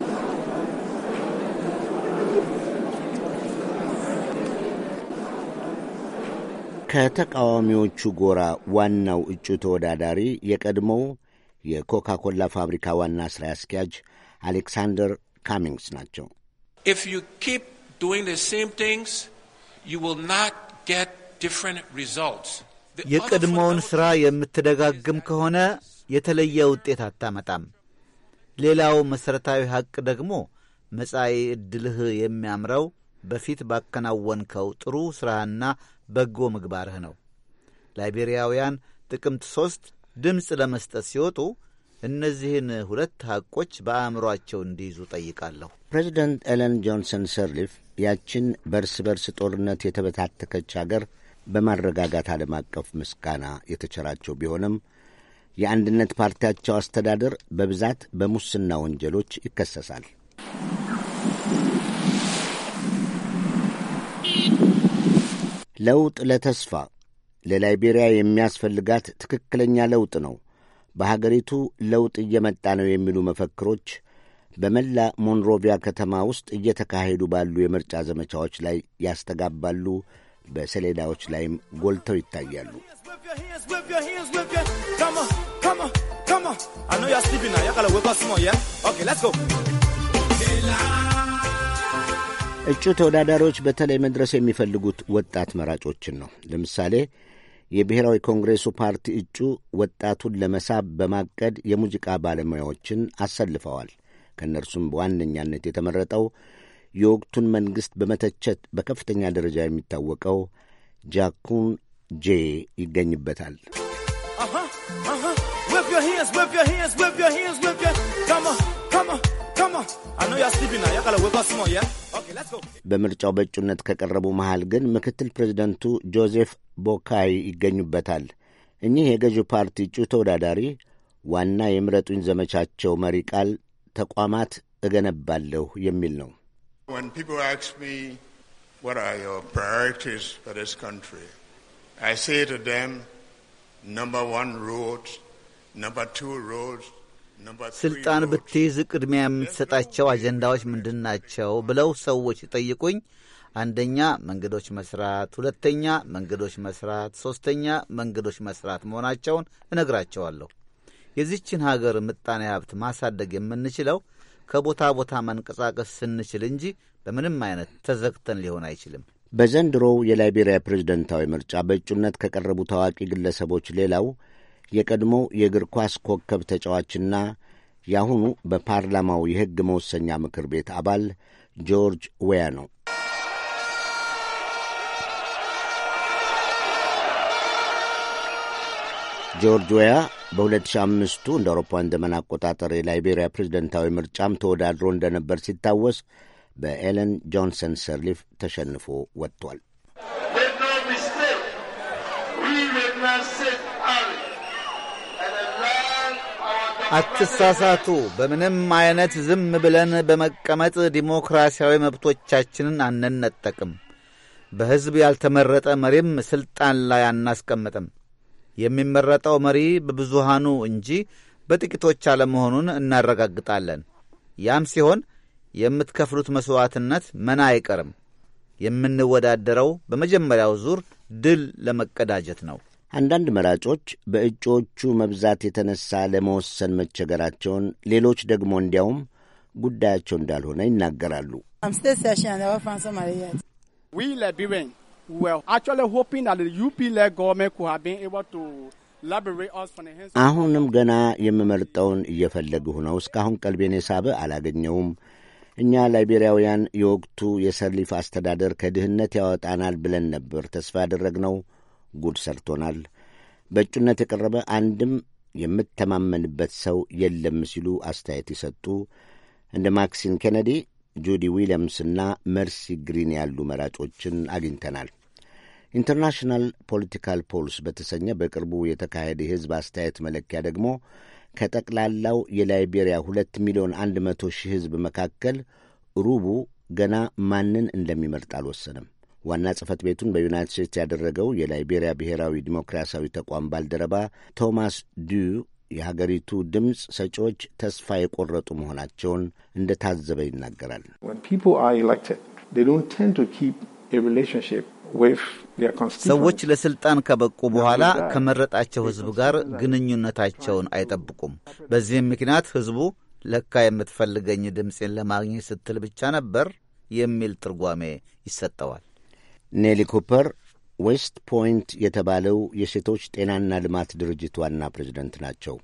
ከተቃዋሚዎቹ ጎራ ዋናው እጩ ተወዳዳሪ የቀድሞው የኮካ ኮላ ፋብሪካ ዋና ሥራ አስኪያጅ አሌክሳንደር ካሚንግስ ናቸው። የቀድሞውን ሥራ የምትደጋግም ከሆነ የተለየ ውጤት አታመጣም። ሌላው መሠረታዊ ሐቅ ደግሞ መጻኢ ዕድልህ የሚያምረው በፊት ባከናወንከው ጥሩ ሥራህና በጎ ምግባርህ ነው። ላይቤሪያውያን ጥቅምት ሦስት ድምፅ ለመስጠት ሲወጡ እነዚህን ሁለት ሐቆች በአእምሮአቸው እንዲይዙ ጠይቃለሁ። ፕሬዚደንት ኤለን ጆንሰን ሰርሊፍ ያችን በርስ በርስ ጦርነት የተበታተከች አገር በማረጋጋት ዓለም አቀፍ ምስጋና የተቸራቸው ቢሆንም የአንድነት ፓርቲያቸው አስተዳደር በብዛት በሙስና ወንጀሎች ይከሰሳል። ለውጥ ለተስፋ ለላይቤሪያ የሚያስፈልጋት ትክክለኛ ለውጥ ነው። በሀገሪቱ ለውጥ እየመጣ ነው የሚሉ መፈክሮች በመላ ሞንሮቪያ ከተማ ውስጥ እየተካሄዱ ባሉ የምርጫ ዘመቻዎች ላይ ያስተጋባሉ በሰሌዳዎች ላይም ጎልተው ይታያሉ። እጩ ተወዳዳሪዎች በተለይ መድረስ የሚፈልጉት ወጣት መራጮችን ነው። ለምሳሌ የብሔራዊ ኮንግሬሱ ፓርቲ እጩ ወጣቱን ለመሳብ በማቀድ የሙዚቃ ባለሙያዎችን አሰልፈዋል። ከእነርሱም በዋነኛነት የተመረጠው የወቅቱን መንግሥት በመተቸት በከፍተኛ ደረጃ የሚታወቀው ጃኩን ጄ ይገኝበታል። በምርጫው በእጩነት ከቀረቡ መሃል ግን ምክትል ፕሬዚደንቱ ጆዜፍ ቦካይ ይገኙበታል። እኚህ የገዢው ፓርቲ እጩ ተወዳዳሪ ዋና የምረጡኝ ዘመቻቸው መሪ ቃል ተቋማት እገነባለሁ የሚል ነው። When people ask me, what are your priorities for this country? I say to them, number one roads, number two roads, ስልጣን ብትይዝ ቅድሚያ የምትሰጣቸው አጀንዳዎች ምንድን ናቸው ብለው ሰዎች ይጠይቁኝ። አንደኛ መንገዶች መስራት፣ ሁለተኛ መንገዶች መስራት፣ ሶስተኛ መንገዶች መስራት መሆናቸውን እነግራቸዋለሁ። የዚችን ሀገር ምጣኔ ሀብት ማሳደግ የምንችለው ከቦታ ቦታ መንቀሳቀስ ስንችል እንጂ በምንም አይነት ተዘግተን ሊሆን አይችልም። በዘንድሮው የላይቤሪያ ፕሬዝደንታዊ ምርጫ በእጩነት ከቀረቡ ታዋቂ ግለሰቦች ሌላው የቀድሞው የእግር ኳስ ኮከብ ተጫዋችና የአሁኑ በፓርላማው የሕግ መወሰኛ ምክር ቤት አባል ጆርጅ ዌያ ነው። ጆርጅ ዌያ በ2005ቱ እንደ አውሮፓውያን ዘመን አቆጣጠር የላይቤሪያ ፕሬዝደንታዊ ምርጫም ተወዳድሮ እንደነበር ሲታወስ በኤለን ጆንሰን ሰርሊፍ ተሸንፎ ወጥቷል። አትሳሳቱ። በምንም አይነት ዝም ብለን በመቀመጥ ዲሞክራሲያዊ መብቶቻችንን አንነጠቅም። በሕዝብ ያልተመረጠ መሪም ሥልጣን ላይ አናስቀምጥም። የሚመረጠው መሪ በብዙሃኑ እንጂ በጥቂቶች አለመሆኑን እናረጋግጣለን። ያም ሲሆን የምትከፍሉት መሥዋዕትነት መና አይቀርም። የምንወዳደረው በመጀመሪያው ዙር ድል ለመቀዳጀት ነው። አንዳንድ መራጮች በእጩዎቹ መብዛት የተነሳ ለመወሰን መቸገራቸውን፣ ሌሎች ደግሞ እንዲያውም ጉዳያቸው እንዳልሆነ ይናገራሉ። አሁንም ገና የምመርጠውን እየፈለግሁ ነው። እስካሁን ቀልቤን የሳበ አላገኘውም። እኛ ላይቤሪያውያን የወቅቱ የሰርሊፍ አስተዳደር ከድህነት ያወጣናል ብለን ነበር ተስፋ ያደረግነው። ጉድ ሰርቶናል። በእጩነት የቀረበ አንድም የምተማመንበት ሰው የለም ሲሉ አስተያየት የሰጡ እንደ ማክሲን ኬነዲ፣ ጁዲ ዊሊያምስና መርሲ ግሪን ያሉ መራጮችን አግኝተናል። ኢንተርናሽናል ፖለቲካል ፖልስ በተሰኘ በቅርቡ የተካሄደ የሕዝብ አስተያየት መለኪያ ደግሞ ከጠቅላላው የላይቤሪያ ሁለት ሚሊዮን አንድ መቶ ሺህ ሕዝብ መካከል ሩቡ ገና ማንን እንደሚመርጥ አልወሰንም። ዋና ጽህፈት ቤቱን በዩናይትድ ስቴትስ ያደረገው የላይቤሪያ ብሔራዊ ዲሞክራሲያዊ ተቋም ባልደረባ ቶማስ ዱ የሀገሪቱ ድምፅ ሰጪዎች ተስፋ የቆረጡ መሆናቸውን እንደታዘበ ይናገራል። ሰዎች ለስልጣን ከበቁ በኋላ ከመረጣቸው ህዝብ ጋር ግንኙነታቸውን አይጠብቁም። በዚህም ምክንያት ህዝቡ ለካ የምትፈልገኝ ድምፄን ለማግኘት ስትል ብቻ ነበር የሚል ትርጓሜ ይሰጠዋል። ኔሊ ኩፐር ዌስት ፖይንት የተባለው የሴቶች ጤናና ልማት ድርጅት ዋና ፕሬዝደንት ናቸው።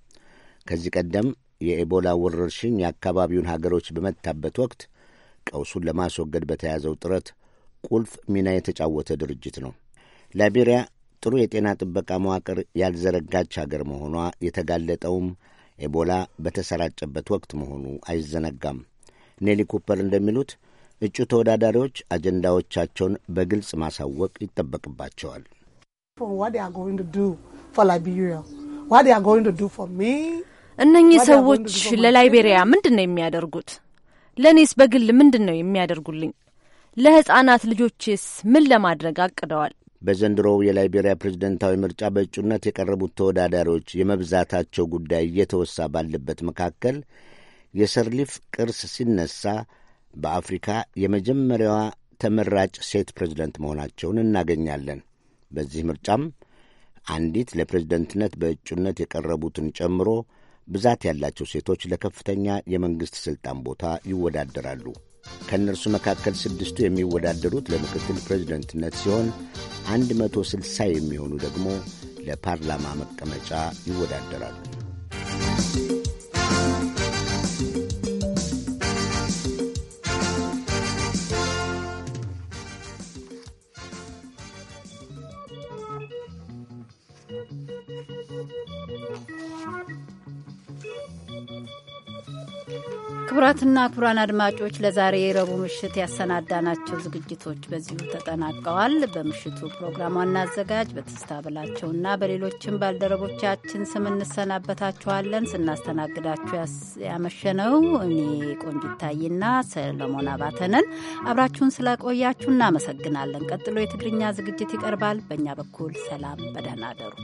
ከዚህ ቀደም የኤቦላ ወረርሽኝ የአካባቢውን ሀገሮች በመታበት ወቅት ቀውሱን ለማስወገድ በተያዘው ጥረት ቁልፍ ሚና የተጫወተ ድርጅት ነው። ላይቤሪያ ጥሩ የጤና ጥበቃ መዋቅር ያልዘረጋች ሀገር መሆኗ የተጋለጠውም ኤቦላ በተሰራጨበት ወቅት መሆኑ አይዘነጋም። ኔሊ ኩፐር እንደሚሉት እጩ ተወዳዳሪዎች አጀንዳዎቻቸውን በግልጽ ማሳወቅ ይጠበቅባቸዋል። እነኚህ ሰዎች ለላይቤሪያ ምንድን ነው የሚያደርጉት? ለእኔስ በግል ምንድን ነው የሚያደርጉልኝ? ለህጻናት ልጆችስ ምን ለማድረግ አቅደዋል? በዘንድሮው የላይቤሪያ ፕሬዝደንታዊ ምርጫ በእጩነት የቀረቡት ተወዳዳሪዎች የመብዛታቸው ጉዳይ እየተወሳ ባለበት መካከል የሰርሊፍ ቅርስ ሲነሳ በአፍሪካ የመጀመሪያዋ ተመራጭ ሴት ፕሬዝደንት መሆናቸውን እናገኛለን። በዚህ ምርጫም አንዲት ለፕሬዝደንትነት በእጩነት የቀረቡትን ጨምሮ ብዛት ያላቸው ሴቶች ለከፍተኛ የመንግሥት ሥልጣን ቦታ ይወዳደራሉ። ከእነርሱ መካከል ስድስቱ የሚወዳደሩት ለምክትል ፕሬዚደንትነት ሲሆን 160 የሚሆኑ ደግሞ ለፓርላማ መቀመጫ ይወዳደራሉ። ክቡራትና ክቡራን አድማጮች ለዛሬ የረቡዕ ምሽት ያሰናዳናቸው ዝግጅቶች በዚሁ ተጠናቀዋል። በምሽቱ ፕሮግራም ዋና አዘጋጅ በትስታ ብላቸውና በሌሎችም ባልደረቦቻችን ስም እንሰናበታችኋለን። ስናስተናግዳችሁ ያመሸነው እኔ ቆንጂታይና ሰለሞን አባተነን። አብራችሁን ስላቆያችሁ እናመሰግናለን። ቀጥሎ የትግርኛ ዝግጅት ይቀርባል። በእኛ በኩል ሰላም፣ በደህና አደሩ።